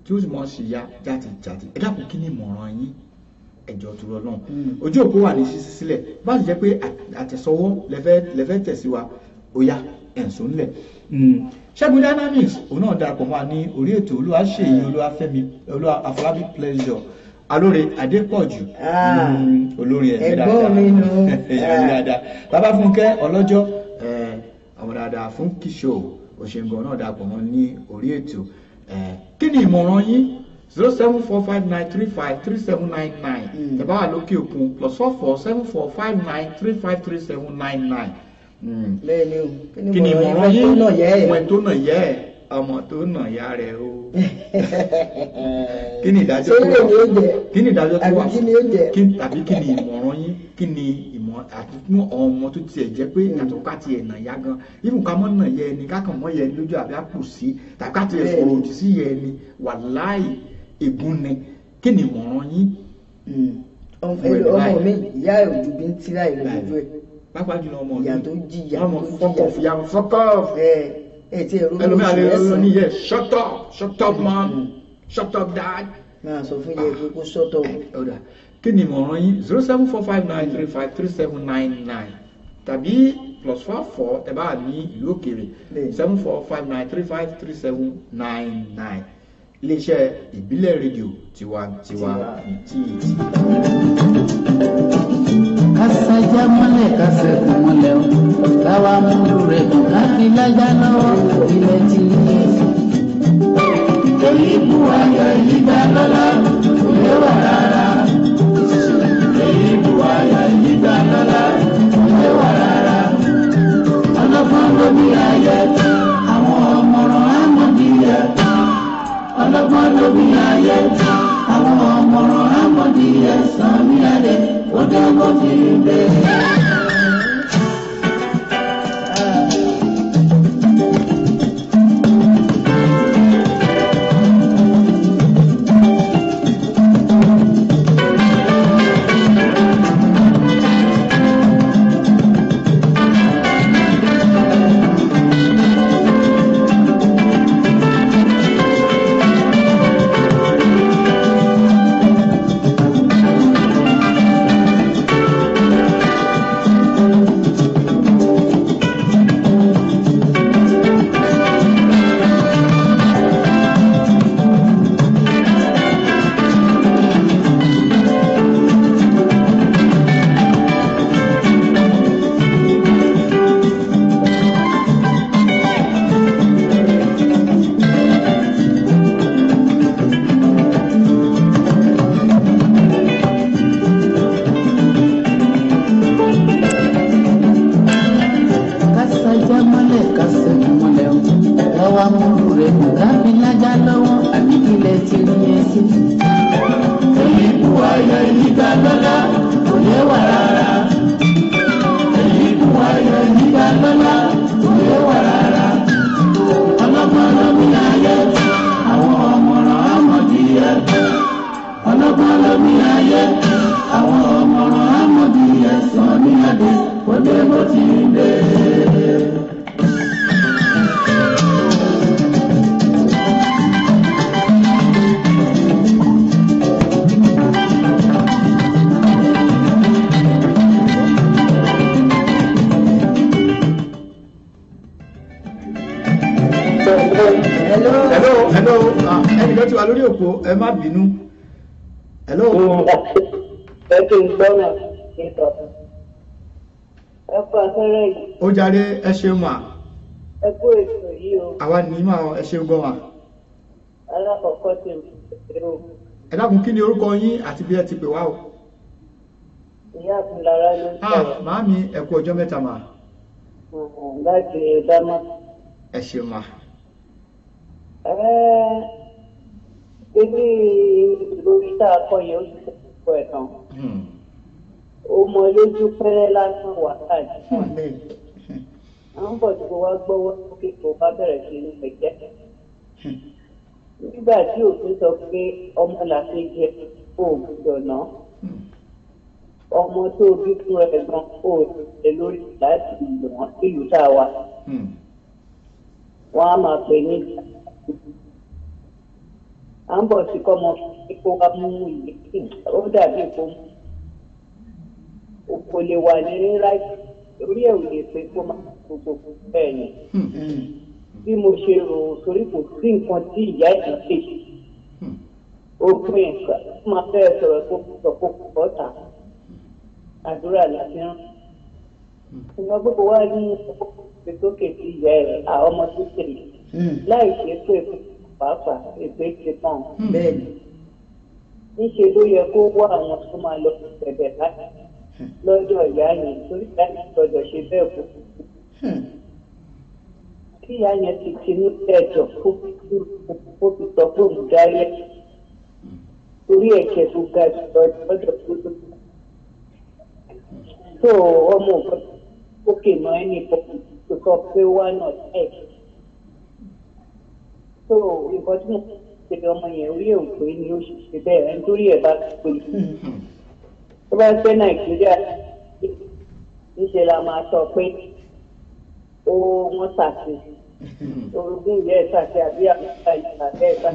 tí ó sì mọ̀ sí ya jàtìjàtì ẹ dákun kí ni ìmọ̀ràn yín ẹjọ́ turọ náà ojú òpó wà ní sísí sílẹ̀ bá ti jẹ́ pé àtẹ̀sọwọ́ lẹ́fẹ́ tẹ̀síwa ó yá ẹ̀sùn Ṣẹ́gun Dynamics òun náà darapọ̀ mọ́ a ní orí ètò Olúwaṣèyí ah. Olúwafẹ́mi Olúwafọlábí Pleasure alóore Adépọ̀jù ah. hmm, olórin ẹ̀mí ah. dáadáa bàbá Fúnkẹ́ Ọlọ́jọ́ eh, ọmọ dáadáa fún kíṣó òṣèǹgàn náà darapọ̀ mọ́ ní orí ètò eh, kí ni ìmọ̀ràn yín zero seven four five nine three five three seven nine nine hmm. tẹ̀bá wà lókè òkun plus four four seven four five nine three five three seven nine nine. Hmm. bẹ́ẹ̀ ni o kí ni ìmọ̀ràn yín ìwọ̀n tó nà yẹ́ ẹ̀ ọmọ tó nà ya rẹ̀ o kí ni ìdájọ́ tó wà kí ni ìdájọ́ tó wà tàbí kí ni ìmọ̀ràn yín kí ni ìmọ̀ àtúntún ọmọ tó tiẹ̀ jẹ́ pé hmm. àtúntò àti ẹ̀nà ya gan ibùn ká mọ́ nà yẹ ẹni kákan mọ́ yẹ ẹni lójú àbí àpò sí tàbí ká tiẹ̀ sọ̀rọ̀ òdì sí yẹ ẹni wàláì ègún ni kí ni ìmọ̀ràn yín. Hmm. ọmọ mi ìyá ẹ̀ òjú bí ń tíra ìrìn ẹ̀ pápá jùlọ ọmọ mi ìyá tó jìyà ọmọ fọkọf ìyá fọkọf ẹ ẹ ti ẹrú ló ń sùn ẹsàn ẹlòmíà lè shut up shut up mom mm. shut up dad. máa sọ fún yẹ pé kó shut up. Ah, kí ni ìmọ̀ràn yín zero seven four five nine three five three seven nine nine tàbí plus four four ẹ bá ní ìlú òkèèrè seven four five nine three five three seven nine nine iléeṣẹ́ ìbílẹ̀ rédíò tiwantiwa ti kásájá mọ́lẹ̀ kásẹ̀kùn mọ́lẹ̀ o káwa múlù rẹ̀ kù káfí lájá lọ́wọ́ ilẹ̀ ti yé. èyí bù ayọ̀ yìí dá lọ́lá kò lè wà rárá. èyí bù ayọ̀ yìí dá lọ́lá kò lè wà ayẹ àwọn ọmọràn ámọ̀díyẹ. ọlọ́gbọ́n ló bí ayẹ àwọn ọmọràn ámọ̀díyẹ sàmì adé. Oda Motimbe. hello hello hello ah, ẹnìkan ti wà lórí òpó ẹ má bínú. hello. ẹ kì í gbọ́ náà ìtọ̀ ẹ kú afẹ́rẹ́ yìí. ó jàre ẹ ṣeun mà. ẹ kú ètò yìí o. àwa ni mà ẹ ṣeun gan mà. alákọ̀ọ́kọ́ ti rò. ẹ dákun kí ni orúkọ yín àti bí ẹ ti pè wá o. ìyá mi lára ló ń ah, sọ̀rọ̀. màámi ẹ kú ọjọ́ mẹ́ta mà. láti dáná. ẹ ṣeun mà ilé lórí tá a kọ yẹn ó ti sọ ẹ̀ tán ó mọ lójú pẹ́rẹ́ lásán wákàtí àwọn bọ̀ tí kò wá gbọ́wọ́ sókè kò bá bẹ̀rẹ̀ sí ní pẹ̀jẹ́ nígbà tí òfin sọ pé ọmọ làṣẹ jẹ oògùn dọ̀nà ọmọ tó bí fún ẹ̀gbọ́n oògùn ẹ̀ lórí láti ìlú tá a wà wọ́n á máa pè ní ìjà à ń bọ̀ sí kọ́mọ epo wa mú ìlú ó dàbí epo kò lè wà ní ráìtì orí ẹ̀ ò lè pé kó máa gbogbo bẹ́ẹ̀ ni bí mo ṣe rò ó torí kò sí nǹkan tí ìyá ẹ̀ ṣe òpin ẹ̀ka máa fẹ́ sọ̀rọ̀ tó sọ̀kò bọ́ta àdúrà láti rán ṣùgbọ́n gbogbo wa ní ìsọ̀kò ìgbésókè ti ìyá ẹ̀ àwọn ọmọ tó ṣẹlẹ̀. Hmm. láì ṣe pé pàápàá èpè ti tàn níṣẹ́ ló yẹ kó wá àwọn tó máa lọ bẹ̀bẹ̀ láti hmm. lọ́dọ̀ ìyá yẹn torí láti gbọ́dọ̀ ṣe bẹ́ẹ̀ kú. Hmm. kí ìyá yẹn ti tinú ẹ̀jọ̀ kó fi sọ pé òun dárí ẹ̀ ẹ̀jẹ̀ tó ga jù lọ́dọ̀ tó tó. tó ọmọ òkè mọ́ ẹnì kan tó sọ pé wá náà ẹ̀ so nǹkan tí mo ṣe ọmọ yẹn orí ẹ̀ ò pé ni ó ṣe ṣe bẹ́ẹ̀ ẹni tó rí ẹ̀ bá ti pè é tó bá pẹ́ nàìjíríà níṣẹ́ la máa sọ pé ó wọ́n tàṣe orogún ìyá ẹ̀ tàṣe àbí àbúrò ìgbà bẹ́ẹ̀ bá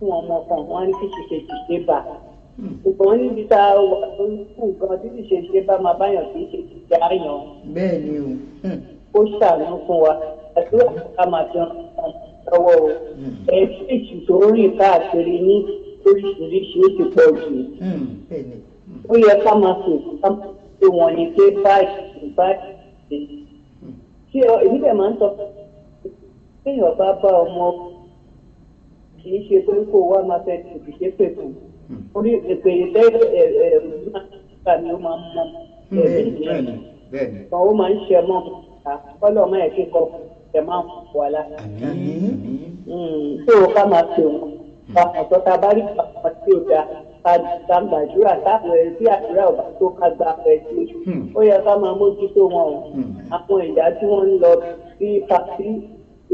fún ọmọ kan wọ́n ní kí ṣiṣẹ́ ṣiṣẹ́ bá ṣùgbọ́n níbi tá a wà lórí kù gan títí ṣe ṣe bá máa báyàn kì í ṣe ṣiṣẹ́ àyàn. bẹ́ẹ̀ ni o ó ṣàánú fún wa àdúrà ká máa fi ràn án lọ́wọ́ o ẹ̀ẹ́dẹ́gbẹ̀jì tó ń rìn káàkiri ní oríṣiríṣi ó ti pọ̀ jù ó yẹ ká máa fi ká máa fi wọn ni pé báyìí báyìí tí èmi dẹ̀ máa ń sọ téèyàn bá bá ọmọ kì í ṣe pé kó wá máa fẹ́ tìbí ṣe pè fún orí èpè lẹ́rọ ẹ̀rọ máa ń gbà ní ó máa ń mọ ẹ̀rí ìyẹn kan ó máa ń ṣe mọ́ kọ́lọ̀ máa ẹ̀ kíkọ ẹ̀ máa ń fọ ala. tó o ká máa pè wọ́n papọ̀ tó ta bá rí papọ̀ tí o da ká gbàdúrà táwọn ẹ̀rí tí àdúrà ò bá tó ká gba pẹ̀ sí hmm. ó yẹ ká máa mójútó wọn o hmm. àwọn ìyá tí wọ́n ń lọ sí pàṣí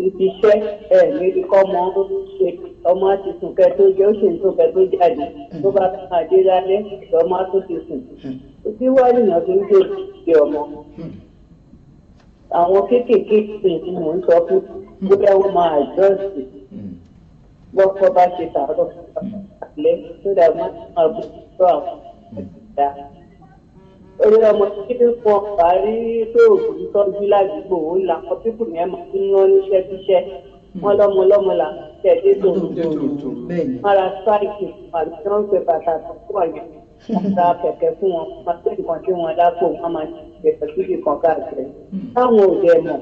iṣẹ́ ẹ̀ níbi kọ́ ọmọ ṣe ọmọ ti sùn tó jẹ́ ó sì ń sùn tó jáde hmm. tó bá tún àdé lálẹ́ ọmọ tó sùn. ojú wọ́ọ̀lù náà fi ń gbé ọmọ àwọn kéékèèké tí mò ń sọ fún hmm. bóyá ó máa àjọsí gbọ́kọ́ hmm. bá ṣe tààrọ̀ àlẹ́ tó dà má máa bó tó àwọn ìdá. Hmm. orí ọmọ kékeré kan parí pé òògùn tọ́jú ládùúgbò ó là kọ́ pípù yẹn máa ń rán níṣẹ́ bíṣẹ́ wọn lọ́mọ lọ́mọ là tẹ̀lé tòlùtòlù mara sáìkì àti ránṣẹ́ bàtà tó wà ní ọ̀sà kẹ̀kẹ́ fún wọn pàṣẹ nǹkan tí wọ́n dápò wọn máa ṣe pẹ̀tẹ̀kìlì kan káàkiri hmm. táwọn ò dẹ̀ mọ̀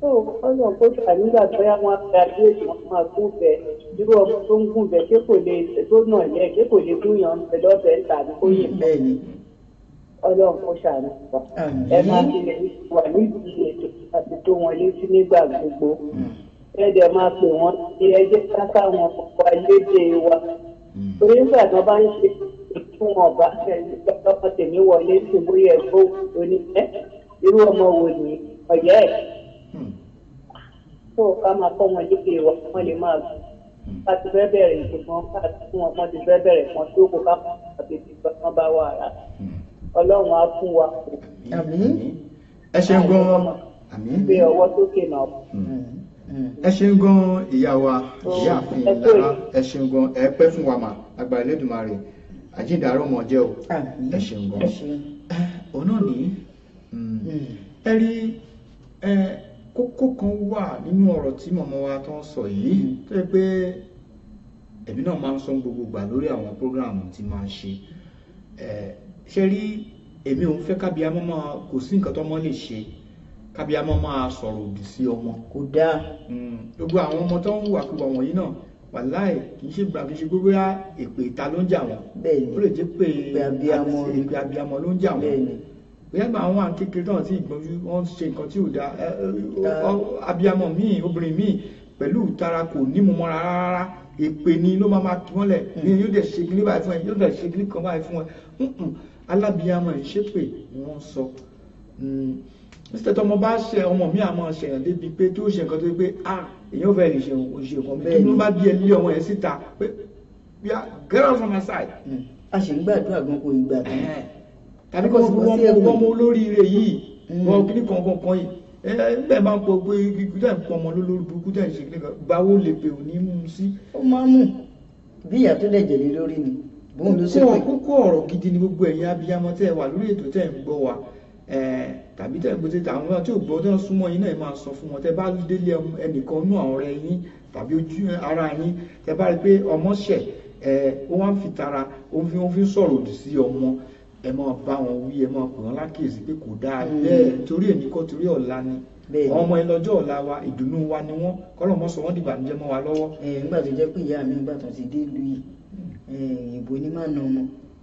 tó ọyàn kó tà nígbà tó yá wọn fẹ́ àdúrà wọn máa kún fẹ́ dúró ọmọ tó ń gùn bẹ́ ṣé kò lè tó nà yẹ ṣé kò lè gún yàn fẹ́ lọ́fẹ̀ẹ́ tàbí kó yẹ hmm, bẹ́ẹ̀ ni ọlọ́run kó ṣàánú wa ẹ máa fi lè wà nídìí ètò àti tó wọn létí nígbà gbogbo hmm. ẹ dẹ̀ máa pè wọ́n ẹ jẹ́ ká káwọn ọkọ̀ ayédè wa torí nígbà tí wọ́n bá ń ṣe fún ọba lọ́kọ̀ tèmi wọlé ṣubú yẹ kó oníṣẹ́ irú ọmọ wo ni ọ̀yẹ́ ẹ̀ tó hmm. ká máa kọ́ wọn lékè wá wọ́n lè máa gbọ́ hmm. ká ti fẹ́ bẹ̀rẹ̀ ìṣùgbọ́n ká fún wọn kan ti fẹ́ bẹ̀rẹ̀ kan tó kó ká àti ìgbà kan bá wà rà hmm. ọlọ́run á fún wa. àmín ẹ ṣeun gan-an àmín gbé ọwọ́ sókè náà ẹ ṣeun gan ìyá wa oh, ìyá àfin ìlara ẹ ṣeun gan ẹ pẹ́ fún wa mà àgbà Elédùmarè àjíǹdàrú mọ̀ jẹ́ o ẹ ṣeun gan òun náà ní ẹ rí kókó kan wà nínú ọ̀rọ̀ tí mọ̀mọ́ wa tó ń sọ yìí hmm. tó yẹ pé èmi náà máa ń sọ gbogbo gbà lórí àwọn prógráàmù tí máa ń ṣe ṣe rí èmi òun fẹ́ kábíyámọ́ máa kò sí nǹkan tọ́mọ lè ṣe kábíyámọ́ máa sọ̀rọ̀ òdì sí ọmọ. kò dáa. Hmm, gbogbo àwọn ọmọ tó ń hùwàkiwà wọ̀nyí náà wàláì kì í ṣe gbà kì í ṣe gbogbo ya èpè ìta ló ń jà wọn ó lè jẹ́ pé èpè abiyamọ ló ń jà wọn bóyá gba àwọn àkékeré náà tí ìgbọ́njú wọn ń ṣe nǹkan tí ò dáa abiyamọ míì obìnrin míì pẹ̀lú ìtara kò ní mu mọ́ra rárá èpè ni ló máa máa kí wọ́n lẹ̀ ní hmm. yóò dẹ̀ ṣe kíní báyìí fún ẹ yóò dẹ̀ ṣe kíní kan báyìí fún ẹ alábiyamọ ìṣépè ni wọ́n sọ hmm. mr tọmọ bá ṣe ọmọ mi àmọ́ ṣèyàn débi pé tí ó ṣe nǹkan tó yẹ pé ah èyí ò fẹ́ lè ṣe òṣè bẹ́ẹ̀ ni. ló bá bí ẹ lé ọmọ yẹn síta pé bíyà get out from my hmm. a ṣe ń gbàdúrà gan kò ìgbà tó. tàbí kò sí wọ́n mọ wọ́n mọ olóríire yìí hmm. wọ́n kí ní kankan kan yìí ẹ bẹ́ẹ̀ máa ń pọ pé kíkú tẹ̀ ń pọ ọmọ lólórí burúkú tẹ̀ ń ṣe kíkú báwo lè pè ò ní mú sí. ó máa ń mú bí ìyá tó lè jẹ̀lé lórí ni kókó ọ̀rọ̀ gidi ni gbogbo ẹ̀yin abiyamọ tẹ́ wà lórí ètò tẹ́ ń gbọ́ wa tàbí tẹ̀ bó ti tà àwọn tí ò gbọ́ tí wọ́n súnmọ́ yín náà ẹ máa sọ fún wọn tẹ bá délé ẹnìkan nú àwọn ọ̀rẹ́ yín tàbí ojú ara yín tẹ bá rí pé ọmọ ṣẹ̀ ó wá ń fi tara ó fi ń fi sọ̀rọ̀ òdì sí ọmọ ẹ máa bá wọn wí ẹ máa pè wọn lákèésí pé kò dáa hmm. bẹ́ẹ̀ torí èmi kọ́ torí ọ̀la ni àwọn ọmọ ẹ lọ́jọ́ ọ̀la wa ìdùnnú wa ni wọ́n kọ́lọ́ mọ́ sọ wọ́n dìgbà níjẹ́ mọ́ wa lọ́wọ́. ẹ nígbà tó jẹ́ pé ìyá mi nígbà ti dé lu yìí ìbò ní máa na ọmọ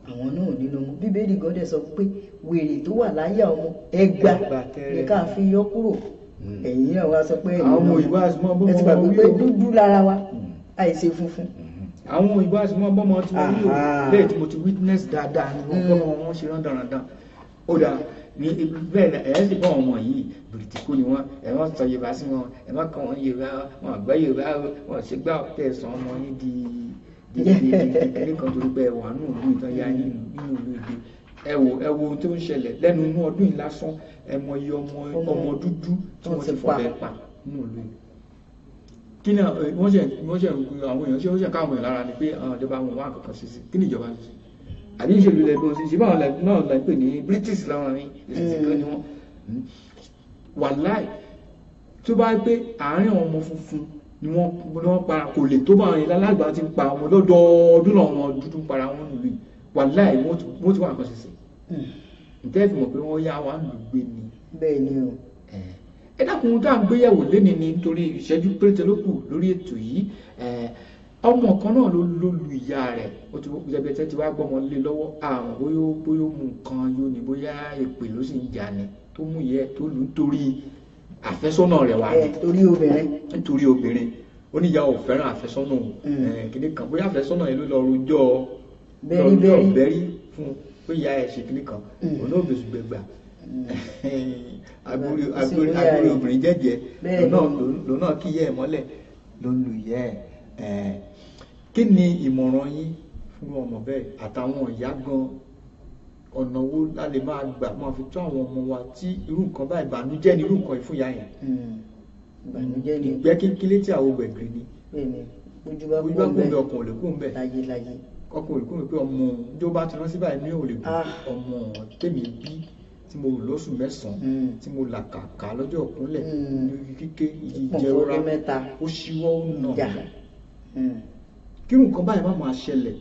àwọn náà ò nínú ọmọ bíbélì gan dẹ̀ sọ pé wèrè tó wà láyà ọmọ ẹgbà ni ká fi yọ kúrò hmm. ẹ̀yìn náà wá sọ pé ẹ̀yìn náà ẹ ti gbàgbé pé dúdú lára wa hmm. àìṣe funfun hmm. àwọn òyìnbó àsìmọ́ bọ́mọ tí wọ́n yóò bẹ́ẹ̀ tí mo ti witness dáadáa ni wọ́n bọ́ wọn ṣe rán dandan ó dà ní bẹ́ẹ̀ ni ẹ̀yẹ́ sì bọ́ wọn wọ̀n yìí bìrìtìkú ni wọ́n ẹ̀ wọ́n sọ Yorùbá sí wọn ẹ̀ wọ́n kàn wọ́n Yorùbá wọn àgbá Yorùbá wọn ṣe gbá tẹ̀sán wọn ní di dídídídídí kan torí pé ẹwà nù ìlú ìtàn ya nínú ìlú ìdè ẹ wò ẹ wò ohun tó ń ṣẹlẹ̀ lẹ́nu inú ọdún yìí lásán ẹ mọ iye ọmọ ọmọ dúdú tí wọ́n ti fọbẹ pa nínú ìlú yìí kí ni eh, wọ́n ṣe wọ́n ṣe àwọn èèyàn ṣe wọ́n ṣe káwọn èèyàn lára ni pé àwọn ìjọba àwọn wà kankan sí sí kí ni ìjọba ṣe àbí ìṣèlú lẹbi wọn ṣe ṣe báwọn náà la pè ní British láwọn ní ìṣèṣin kan ni wọn hmm. wàláì tó bá gbé àárín àwọn ọmọ funfun ni wọ́n ni wọ́n para kò lè tó báwọn ilé alágbà ti ń pa wọn lọ́dọọdún náà wọn dúdú para wọn lù yìí wàláì wọ́n ti wà nǹkan ṣẹṣẹ hmm. ǹjẹ́ ìfimọ̀ pé wọ́n yá wa lù gbé ni. bẹ́ẹ̀ ni o. ẹ dákun dá ń gbéyàwó lẹ́ni ni nítorí ìṣẹ́jú péréte ló kù lórí ètò yìí ọmọ kan náà ló ló lu ìyá rẹ̀ ó ti wọ́n jẹ́bẹ̀tẹ́ ti wá gbọ́mọ lé lọ́wọ́ àmọ́ bóyá bóyá ó mu nǹkan yóò ní bóyá èpè ló sì ń jà ní tó mú ìyẹ́ tó lù ú torí àfẹ́sọ́nà rẹ̀ wà ní. torí obìnrin. nítorí obìnrin ó ní ìyá ò fẹ́ràn àfẹ́sọ́nà kìíní kan bóyá àfẹ́sọ́nà yẹn ló lọ rojọ́ lọ́rọ̀ bẹ́rí fún pé ìyá ẹ̀ ṣe kìíní kan òun náà bẹ̀sù gbẹgbà agbórí obìnrin jẹ́jẹ́ lòun náà kí ìyá ẹ̀ mọ́lẹ̀ ló ń lu ìyá ẹ̀ kí ni ìmọ̀ràn yín fún ọmọ bẹ́ẹ̀ àtàwọn ìyá gan-an ọ̀nà wo la lè máa gbà máa fi tó àwọn ọmọ wa tí irú nǹkan bá ìbànújẹ́ ni irú nǹkan ìfúnya yẹn. ìbànújẹ́ hmm. ni ìgbẹ́ kékeré tí àwọn ògbẹ̀gbẹ̀ ni. ojú bá kún bẹ́ẹ̀ ọkàn ò lè kún bẹ́ẹ̀. láyé láyé. ọkàn ò lè kún bẹ́ẹ̀ pé ọmọ tó bá ti rán sí báyìí ní ò lè kún ah. ọmọ tèmi bí tí mo rò lóṣù mẹ́sàn-án hmm. tí mo là kàkà lọ́jọ́ ìkúnlẹ̀ hmm. kíké ìjẹrora ó ṣíwọ́ ó nà kírun kan báyìí má máa ṣẹlẹ̀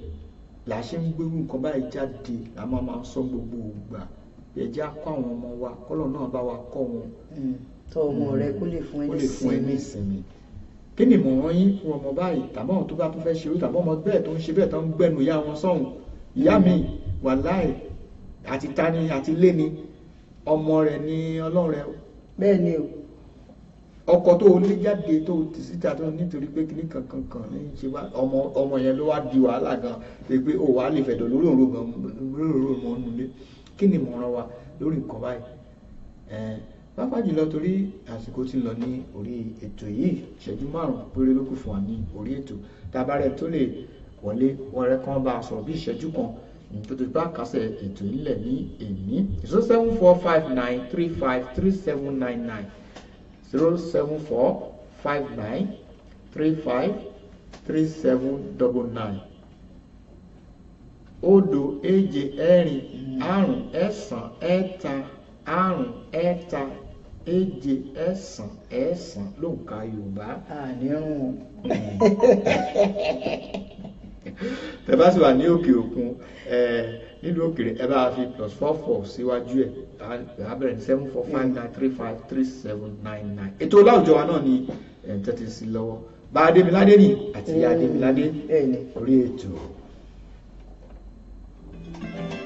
là á ṣe ń gbérú nǹkan báyìí jáde là máa máa sọ gbogbo ògbà ẹ jẹ́ á kọ́ àwọn ọmọ wa kọ́lọ̀ náà bá wa kọ́ wọn. Hmm. tọ́ ọmọ rẹ kó lè fún ẹ ní ìsinmi kí ni ìmọ̀ràn yín fún ọmọ báyìí tàbí àwọn tó bá tún fẹ́ ṣe tàbí ọmọ bẹ́ẹ̀ tó ń ṣe bẹ́ẹ̀ tó ń gbẹnu ìyá wọn sọ̀hún ìyá mi wàláì àti tani àti léni ọmọ rẹ̀ ni ọlọ́run rẹ̀. bẹ́ẹ̀ o ọkọ tó lé jáde tó ti síta tó nítorí pé kíní kankan kan ní ṣe wá ọmọ ọmọ yẹn ló wá di wàhálà gan pé pé ó wàá lè fẹ̀dọ̀ lórí òru gan lórí òru mọ́ nulẹ̀ kí ni ìmọ̀ràn wa lórí nǹkan báyìí pápá jùlọ torí àsìkò ti lọ ní orí ètò yìí ìṣẹ́jú márùn-ún péré ló kù fún wa ní orí ètò tabarẹ̀ tó lè wọlé wọrẹ kan bá a sọ̀rọ̀ bí ìṣẹ́jú kan nítorí bá kásẹ̀ ètò ilẹ̀ ní èmi zero seven four five nine three five three seven nine nine zero seven four five nine three five three seven double nine òdo èje ẹ̀rin àrún ẹ̀sán ẹ̀ta àrún ẹ̀ta èje ẹ̀sán ẹ̀sán ló ń ka yorùbá. àníhùn. tẹ bá sì wà ní òkè òkun nílùú òkèèrè ẹ bá fi plus four four síwájú ẹ abẹ́rẹ́ seven four five hmm. nine three five three seven nine nine ètò láwùjọ wa náà ni ẹ̀ ń tẹ́tí sí lọ́wọ́ bá adémiládé ni àti ìyá hmm. adémiládé orí ètò. thank you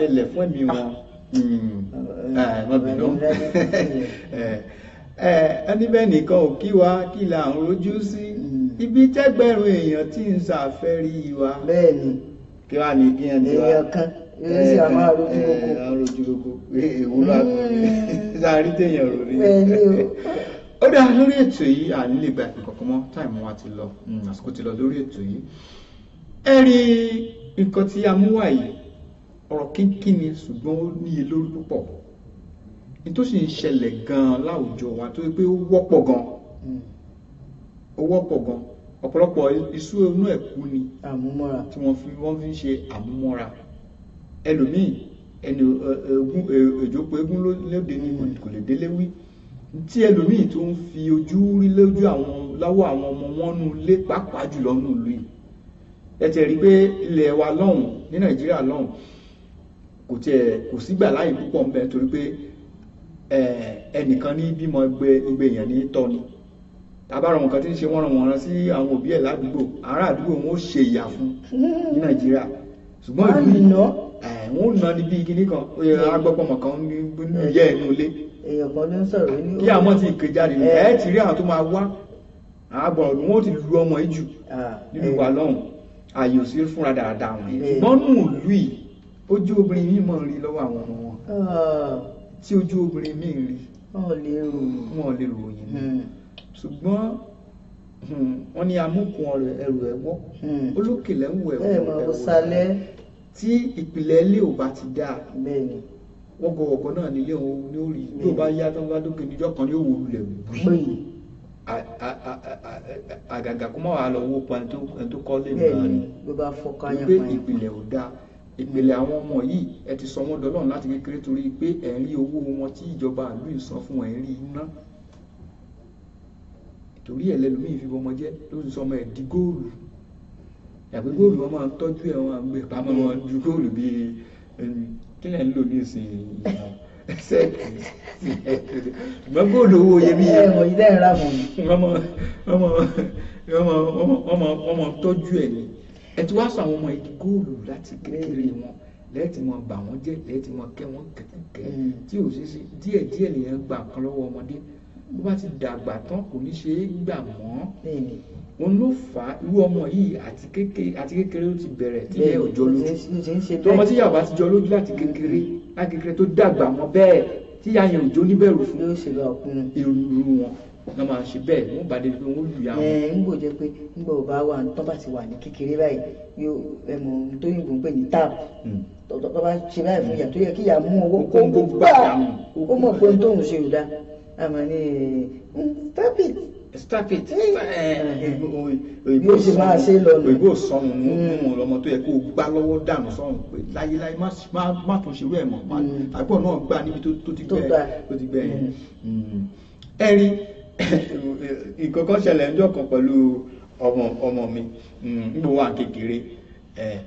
delẹ̀ fún ẹ̀mí wọn mọ̀bìnú hmm. ah, eh, eh, ẹni bẹ́ẹ̀ nìkan ò kí wa kí la ń rojú sí hmm. ibi tẹ́gbẹ̀rún èèyàn tí ń ṣàfẹ́rí wa. bẹ́ẹ̀ni kí wàá ní kí ẹni wa èèyàn kan èèyàn sì àmọ́ àrojú gbogbo èèwù lọ́kùnrin sáré téèyàn rò ní. ó dá lórí ètò yìí à ń lè gba ìpè kankan mọ́ táìmù wa ti lọ hmm, àsìkò ti lọ lórí ètò yìí ẹ rí nǹkan tí a mú wá yìí ọ̀rọ̀ kínkín ni ṣùgbọ́n ó níye lórí púpọ̀ ní tó sì ń ṣẹlẹ̀ gan-an láwùjọ wa tó pé ó wọ́pọ̀ gan-an ó wọ́pọ̀ gan-an ọ̀pọ̀lọpọ̀ iṣu inú ẹ̀kú ni àmúmọ́ra tí wọ́n fi wọ́n fi ń ṣe àmúmọ́ra ẹlòmíì ẹni ogun èjòpọ̀ egun lóde ní hmm. kò lè délé wí tí ẹlòmíì tó ń fi ojú rí lójú àwọn láwọ àwọn ọmọ wọn nù lé pàápàá jùlọ nù lù yìí ẹ tẹ̀ rí pé ilẹ̀ wa lọ́hùn ní Nàìjíríà lọ́hùn kò tiẹ̀ kò sígbà láì púpọ̀ ń bẹ torí pé ẹnìkan ní bímọ gbogbo èèyàn ní tọ́ni tabarọ nǹkan tí ń ṣe wọ́n ràn wọ́n rán sí àwọn òbí ẹ̀ ládùúgbò ará àdúgbò wọn ó ṣe ìyà fún ní nàìjíríà ṣùgbọ́n ìlú yìí wọn ò ná ní bíi kinní agbọ́pọ̀mọ̀ kan ní ìyá ẹ̀ nulé kí àmọ́ ti ìké jáde ní ẹ̀ ti rí àwọn tó máa wá àgbọ̀rọ̀ ni wọ́n ti lu ọmọ yìí jù nínú wa lọ́hùn ààyè ò sí fúnra dáadáa wọn ṣùgbọ́n nù lù yìí ojú obìnrin mi mọ̀ rí lọ́wọ́ àwọn ọmọ wọn ah, tí ojú obìnrin mi rí wọn ò lè ròyìn hmm. ṣùgbọ́n hmm, wọn hmm. ni amúkun ẹrù ẹ̀wọ́ olókèlè ń wọ ẹ̀wọ́ ẹ̀wọ́ tí ìpìlẹ̀ ilé ò bá ti dáa wọ́gọ̀wọ̀gọ̀ náà nílé òun ni ó rí yóò bá yá tó ń bá dókè níjọ́ kan yóò wò lulẹ̀ wí àgàgà kó má wàá lọ wó pa ẹni tó kọ́ lé nǹkan ni wípé ìpìlẹ̀ ò dáa ìpìlẹ̀ àwọn ọmọ yìí ẹ ti sọ wọ́n dọlọ́run láti kékeré torí pé ẹ̀ ń rí owó wọn tí ìjọba ìlú ìsan fún ẹ̀ ń rí iná torí ẹ̀ lẹ́lòmíì fi bọmọ jẹ́ ló ti sọ ọmọ ẹ̀ di góòlù yàgbé góòlù wọn máa ń tọ́jú ẹ̀ wọn àgbẹ̀ pamọ́ wọn ju góòlù bíi kí lẹ́ ń lò ní ìsìn sẹ́ẹ̀kì ṣùgbọ́n góòlù owó iyebíye wọ́n máa tọ́jú ẹ̀ ni ẹ ti wá sọ àwọn ọmọ yìí góòlù láti kékeré wọn lẹ́ẹ̀tì mọ bà wọ́n jẹ́ lẹ́ẹ̀tì mọ kẹ́ wọ́n kẹ̀kẹ́ mm. tí ò ṣe ṣe díẹ̀ díẹ̀ nìyẹn gbà kan lọ́wọ́ ọmọdé bó bá ti dàgbà tán kò ní ṣe é gbà mọ́ òun ló fà á irú ọmọ yìí àti kékeré ó ti bẹ̀rẹ̀ tílẹ̀ òjò lójú tọmọ tí yàrá ti jọ lójú láti kékeré láti kékeré tó dàgbà mọ́ bẹ́ẹ̀ tí yàrá yẹn òjò níbẹ̀rù fún irú wọn wọn máa ṣe bẹ́ẹ̀ wọn bá pé wọn lù yà ẹ ń gbò jẹ pé ńgbà ò bá wà tó bá ti wà ní kékeré báyìí yóò ẹ mọ tó yìnbó ń pè ní táàbù hmm. tó bá ṣe báyìí fún ìyá tó yẹ kí ìyá mú owó kó ń gbà ó mọ̀ pé tóun ṣe ò dáa àmọ́ ní hmm, stop it. stop it eh, eh, oh, oh, bí òyìnbó sọnù nù wọn hmm. lọmọ tó yẹ kó o gbá lọ́wọ́ dànù sọ̀rùn pé láyéláyé má tún ṣerú ẹ̀ mọ́ nǹkan kan ṣẹlẹ̀ ńjọ́ kan pẹ̀lú ọmọ ọmọ mi hmm, nígbà wà kékeré eh,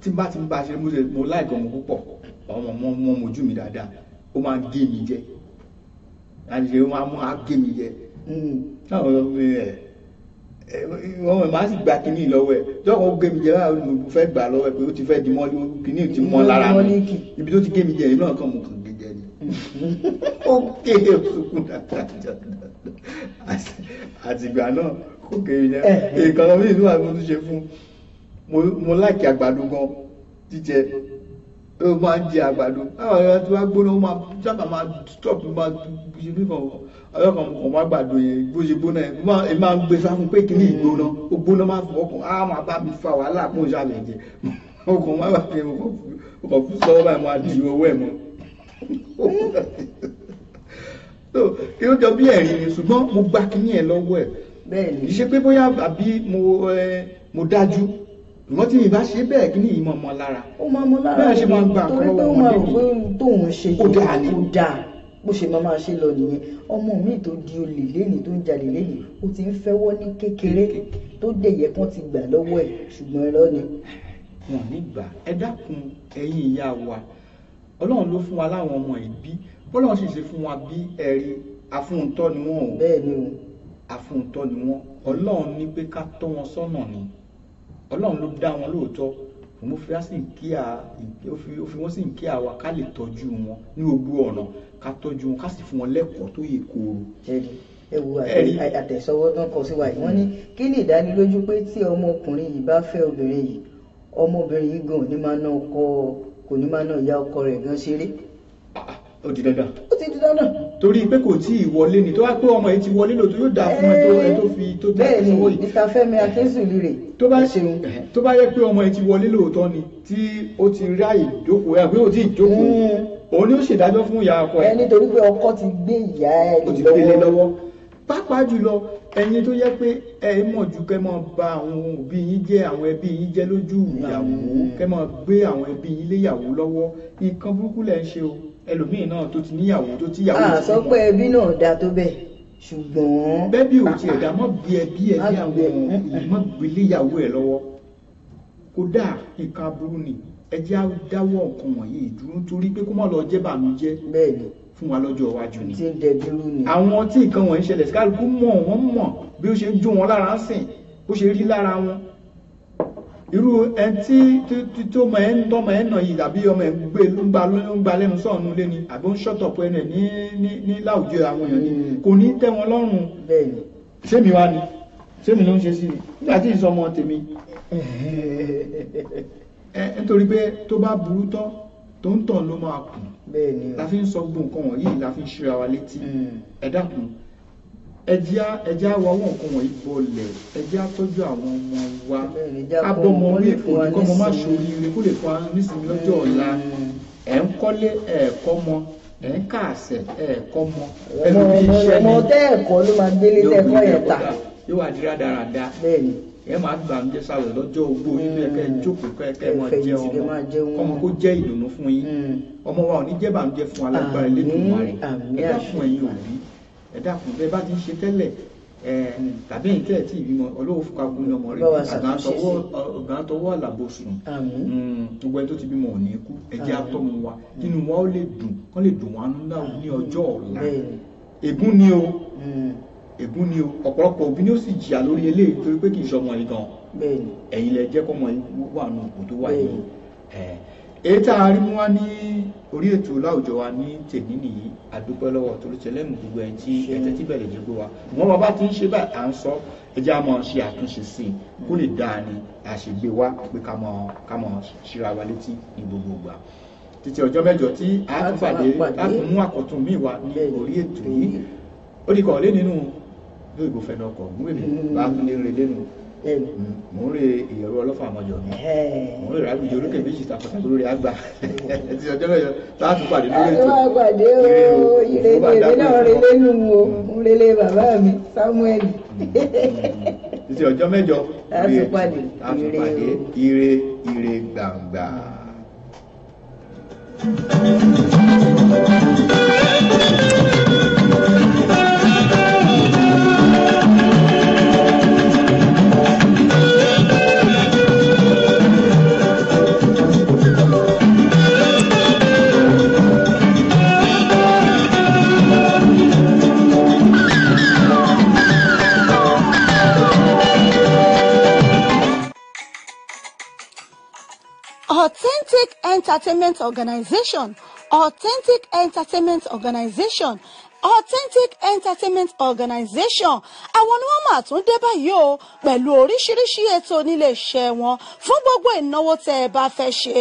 tí bá ti ń bá ṣe mo ṣe mo láìka ọmọ púpọ̀ ọmọ mọ mọ mojú mi dáadáa ó máa ń gé mi jẹ àṣìṣe ó máa mú á gé mi jẹ táwọn hmm, eh, eh, ọmọ mi ẹ wọn mọ̀ máa sì gba kínní lọ́wọ́ ẹ̀ jọ́kọ̀ ó gé mi jẹ báyìí mo fẹ́ gbà lọ́wọ́ ẹ̀ pé ó ti fẹ́ di mọ́ kínní ti mọ́ lára mi ibi tó ti gé mi jẹ ìlú náà kàn mọ̀ kàn òkè òkun àtàjà àtìgbà náà òkè yẹn eh, eh. nǹkan mi ìlú àti mo tún ṣe fún mo láìkí àgbàdo gan jíjẹ ó máa ń jẹ àgbàdo báwọn ọ̀rẹ́ tí wọ́n gbóná ó máa sábà máa stop máa ṣe bí kan ọ̀rẹ́ kan kò má gbàdo yẹn bó ṣe gbóná yẹn ẹ máa ń gbé sáfún pé kíní ìgbóná ó gbóná máa fọ ọkàn á máa bá mi fa wàhálà kó n jẹ ọkàn má bàa fi ọkàn fún sọ́wọ́ báyìí máa di owó ẹ̀ mọ́ kí ó jọ bí ẹ̀rín ni ṣùgbọ́n mo gba kínní ẹ̀ lọ́wọ́ ẹ̀ bẹ́ẹ̀ni ṣe pé bóyá àbí mo mo dájú ìwọ́n tí mi bá ṣe bẹ́ẹ̀ kí ni ìmọ̀ ọmọ lára ó máa mọ lára bẹ́ẹ̀ ṣe máa ń gba àkọ́rọ́ ọmọdé mi tóun ṣe kó dáa ni kó dáa bó ṣe máa máa ṣe lọ nìyẹn ọmọ mi tó di olè lẹ́yìn tó ń jalè lẹ́yìn ó ti ń fẹ́wọ́ ní kékeré tó dẹ̀yẹ kán ti gbà lọ́wọ́ ẹ̀ ṣùgbọ́n irọ́ ni. wọn ò ní gbà ẹ dákun ẹ̀yin ìyá wa ọlọ́run ló fún wa láwọn ọmọ ìbí bọ́lọ́run sì ṣe fún wa bí ẹ̀rí afúntọ́ ni wọ́n o bẹ́ẹ̀ ni o afúntọ́ ni wọ́n ọlọ́run ní pé ká tọ́ wọn sọ́nà ni ọlọ́run ló dá wọn lóòótọ́ mo fi sí nkíà ó fi wọ́n sí nkíà wa ká lè tọ́jú wọn ní gbogbo ọ̀nà ká tọ́jú wọn ká sì fún wọn lẹ́kọ̀ọ́ tó yẹ kóró ẹ wo àtẹ̀sọ́wọ́ tán kọ sí wa yìí wọ́n ní kí ni ìdánilójú pé tí ọmọkùnrin yìí bá fẹ́ obìnrin yìí ọmọbìnrin yìí gan ni máa ná ọkọ kò ní máa náà ya ọkọ rẹ̀ gan ṣeré. Ah, ah, ó ti dandan. ó ti di dandan. torí pé kò tí ì wọlé ni tó wá pé ọmọ yìí ti wọlé lòtó yóò dáa fún ẹ tó fi tó tẹ ìsanwó yìí. bẹ́ẹ̀ni níta Fẹ́mi Akínsùnlù rè. tó bá tó bá yẹ pé ọmọ yìí ti wọlé lóòótọ́ ni tí ó ti ráàyè jókòó ẹ àbí ó ti jókòó òun ni ó ṣèdájọ́ fún ìyá ọkọ ẹ. ẹ nítorí pé ọkọ ti gbé ìyá ẹ lọ́wọ́ pàápàá jùlọ ẹ̀yin tó yẹ pé ẹ mọ̀ jù kẹ́ mọ̀ bà àwọn òbí yín jẹ́ àwọn ẹbí yín jẹ́ lójú ìyàwó kẹ́ mọ̀ gbé àwọn ẹbí yín léyàwó lọ́wọ́ nǹkan burúkú lẹ̀ ń ṣe o ẹlòmíín náà tó ti níyàwó tó ti yàwó. àà pé ẹbí náà dáa tó bẹ́ẹ̀ ṣùgbọ́n. bẹ́bí ò tiẹ̀ dá mọ́ bí ẹbí ẹ ní àwọn ìmọ̀ gbéléyàwó ẹ lọ́wọ́ kódà nǹkan aburú ni ẹ jẹ́ dáwọ́ nǹkan wọ̀nyí dúró torí pé kó má lọ jẹ́ bànújẹ́. bẹ́ẹ̀ ni fún wa lọ́jọ́ iwájú ni. ti ń dẹbi rú ni. àwọn tí nǹkan wọ̀nyí ṣẹlẹ̀ kálukú mọ̀ wọ́n mọ̀ bí ó ṣe ń jó wọn lára ń sìn bó ṣe rí lára wọn. irú ẹni tí tó mọ ẹ ń tọmọ ẹ nà yìí àbí ọmọ ẹ ń gbé ń gba lẹ́nu sọ̀nù lé ni àbí ó ń ṣọ̀tọ̀pọ̀ ẹnu ẹ̀ ní ní láwùjọ àwọn èèyàn ni hmm. kò ní tẹ́ wọn lọ́rùn. bẹ́ẹ̀ni. sẹ́mi wa ni sẹ́mi ló ń ṣe sí mi nígbà tí ìsọmọ tèmi. ẹ nítorí pé tó bá la fi ń sọ gbogbo nǹkan wọ̀nyí la fi ń ṣíra wa létí hmm. ẹ dákun ẹjá wa wọ́n nǹkan wọ̀nyí bọ̀lẹ̀ ẹjá tọ́jú àwọn ọmọ wa abọ́mọ orí èkó kọ́ mọ má ṣoríire kó lè fọ àwọn nísìnyí lọ́jọ́ hmm. ọ̀la ẹ̀ ń kọ́lé ẹ̀ẹ̀kọ́ mọ ẹ̀ ń kàṣẹ̀ ẹ̀ẹ̀kọ́ mọ ẹlòmíín ṣẹ́ni ọmọ tẹ́ ẹ̀kọ́ ló máa délé tẹ́ẹ̀kọ́ yẹn yóò wá di rádaràda ẹ máa gbà ń jẹsàlẹ lọ́jọ́ ogbó inú ẹkẹ mm. jókòó kẹkẹ mọ jẹ ọmọ ọmọ kó jẹ ìdùnnú fún yín mm. ọmọ wa ò ní jẹ bàǹjẹ fún alágbára Elédùmarè ẹ dákun ẹ̀yin òbí ẹ dákun bẹ́ẹ̀ bá ti ń ṣe tẹ́lẹ̀ ẹ tàbí ẹ̀yin tẹ́lẹ̀ tí ìbímọ olówó fúnka gun ní ọmọ rẹ ọgá tọwọ́ àlàbò sùn mm, gbogbo ẹni tó ti bímọ ò ní kú ẹjẹ atọmọ wa nínú wa ó lè dùn kán lè dùn wọn ní ọjọ́ ọ̀la ègún ni o ègún ni o ọ̀pọ̀lọpọ̀ òbí ni ó sì jìyà lórí eléyìí torí pé kì í sọmọ yìí gan ẹ̀yin lẹ jẹ́ kọ́mọ yìí wà nù òkú tó wà yìí èyí tá a rí mú wá ní orí ètò láwùjọ wa ní tèmi nìyí àdúpẹ́ lọ́wọ́ tolótẹlẹ́mù gbogbo ẹ̀ tí ẹ̀tẹ́ tí bẹ̀rẹ̀ yìí gbé wa wọn bàbá ti ń ṣe báyìí à ń sọ ẹjẹ́ a máa ṣe àtúnṣe sí i kó lè dáa ni a ṣe gbé wa pé ká máa ṣíra wa létí ní gbogbo ìgbà títí ọjọ́ mẹ́jọ tí a tún pàdé a mú àkọ́tún míì wá ní orí ètò yìí ó di kọ̀ọ̀lé nínú yóò gbó fẹ́ẹ́ dọkọ̀ mú èmi bá kúndé rẹ lẹ́nu mò ń re ìyẹ̀rọ ọlọ́fà àmọ́jọ mi mò ń re ìrábìjì orókè méjì takọ̀tà lórí àgbà ẹtì ọjọ́ mẹ́jọ táàtù pàdé lórí ètò. àwọn àgbàdé o ire ni èmi mo re lé bàbá mi Samuel. ẹtì hmm. ọjọ́ mẹ́jọ táàtù pàdé ire ire gbàngbà. Thank you. Entertainment Organization, Authentic Entertainment Organization, Authentic Entertainment Organization àwọn ni wọ́n máa tún dé báyìí o pẹ̀lú oríṣiríṣi ètò nílé iṣẹ́ wọn fún gbogbo ìnáwó tẹ́ ẹ bá fẹ́ ṣe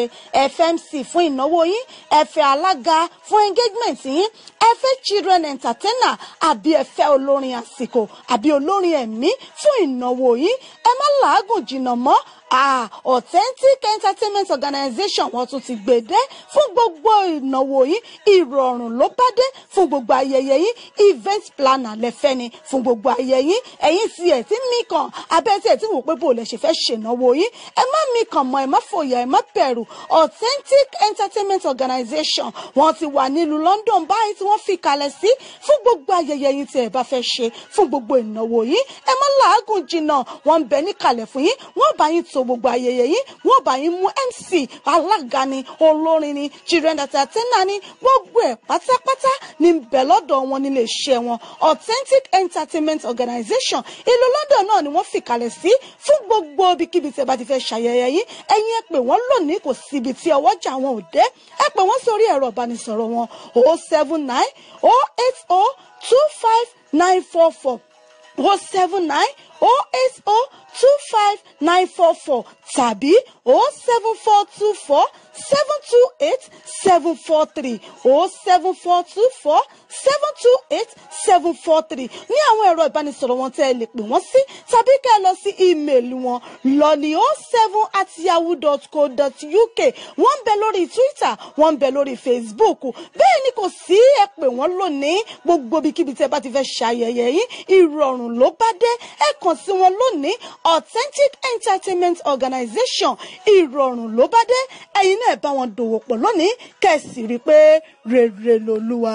FMC fẹ́ MC fún ìnáwó yín ẹ fẹ́ alága fún engagement yín ẹ fẹ́ children entertainer àbí ẹ fẹ́ olórin àsìkò àbí olórin ẹ̀mí fún ìnáwó yín ẹ má làágùn jìnnà mọ́ ah, authentic entertainment organization wọ́n tún ti gbèdé fún gbogbo ìnáwó yìí ìrọ̀rùn ló bá dé fún gbogbo ayẹyẹ yìí event planner lẹ́fẹ́ ni fún gbogbo ayẹyẹ yìí ẹ̀yin sì ẹ̀ tí mí kàn abẹ́ tí ẹ̀ tí wò pé bò lẹ̀ ṣe fẹ́ ṣènáwó yìí ẹ má mí kàn mọ́ ẹ má fòyà ẹ má bẹ̀rù authentic entertainment organization wọ́n ti wà nílùú London báyìí tí wọ́n fi kalẹ̀ sí fún gbogbo ayẹyẹ yìí tí ẹ bá fẹ́ ṣe fún gbogbo ìnáwó yìí ẹ má làágùn jìnnà wọ́n ń bẹ gbogbo ayẹyẹ yìí wọ́n bá yín mú mc alága ni olórin ni children entertainer ni gbogbo ẹ̀ pátápátá ní bẹ̀ lọ́dọ̀ wọn nílé iṣẹ́ wọn authentic entertainment organization ìlú London náà ni wọ́n fìkàlẹ̀ sí fún gbogbo ibikíbi tí ẹ bá ti fẹ́ ṣàyẹyẹ yìí ẹ̀yin ẹ pè wọ́n lónìí kò síbi tí ọwọ́jà wọn ò dé ẹ pè wọ́n sórí ẹ̀rọ ìbánisọ̀rọ̀ wọn o oh seven nine o oh eight o oh two five nine four four o seven nine Oh oh two five nine four four tàbí 07424 728743 07424 728743 ní àwọn ẹ̀rọ ìbánisọ̀rọ̀ wọn tẹ́ ẹ lè pè wọ́n sí tàbí kẹ́ ẹ lọ sí ímeèlì wọn lọ́ọ̀nì 07 at yahoo dot co dot uk wọ́n ń bẹ lórí twitter wọ́n ń bẹ lórí facebook bẹ́ẹ̀ ni kò sí ẹ pè wọ́n lónìí gbogbo ibikíbi tẹ́ bá ti fẹ́ ṣayẹyẹ yín ìrọ̀rùn ló bá dé ẹ k kàn sí wọn lónìí authentic entertainment organization ìrọ̀rùn ló bá dé ẹ̀yin náà bá wọn dòwò pọ̀ lónìí kẹ̀sì rí i pé rere lolúwa.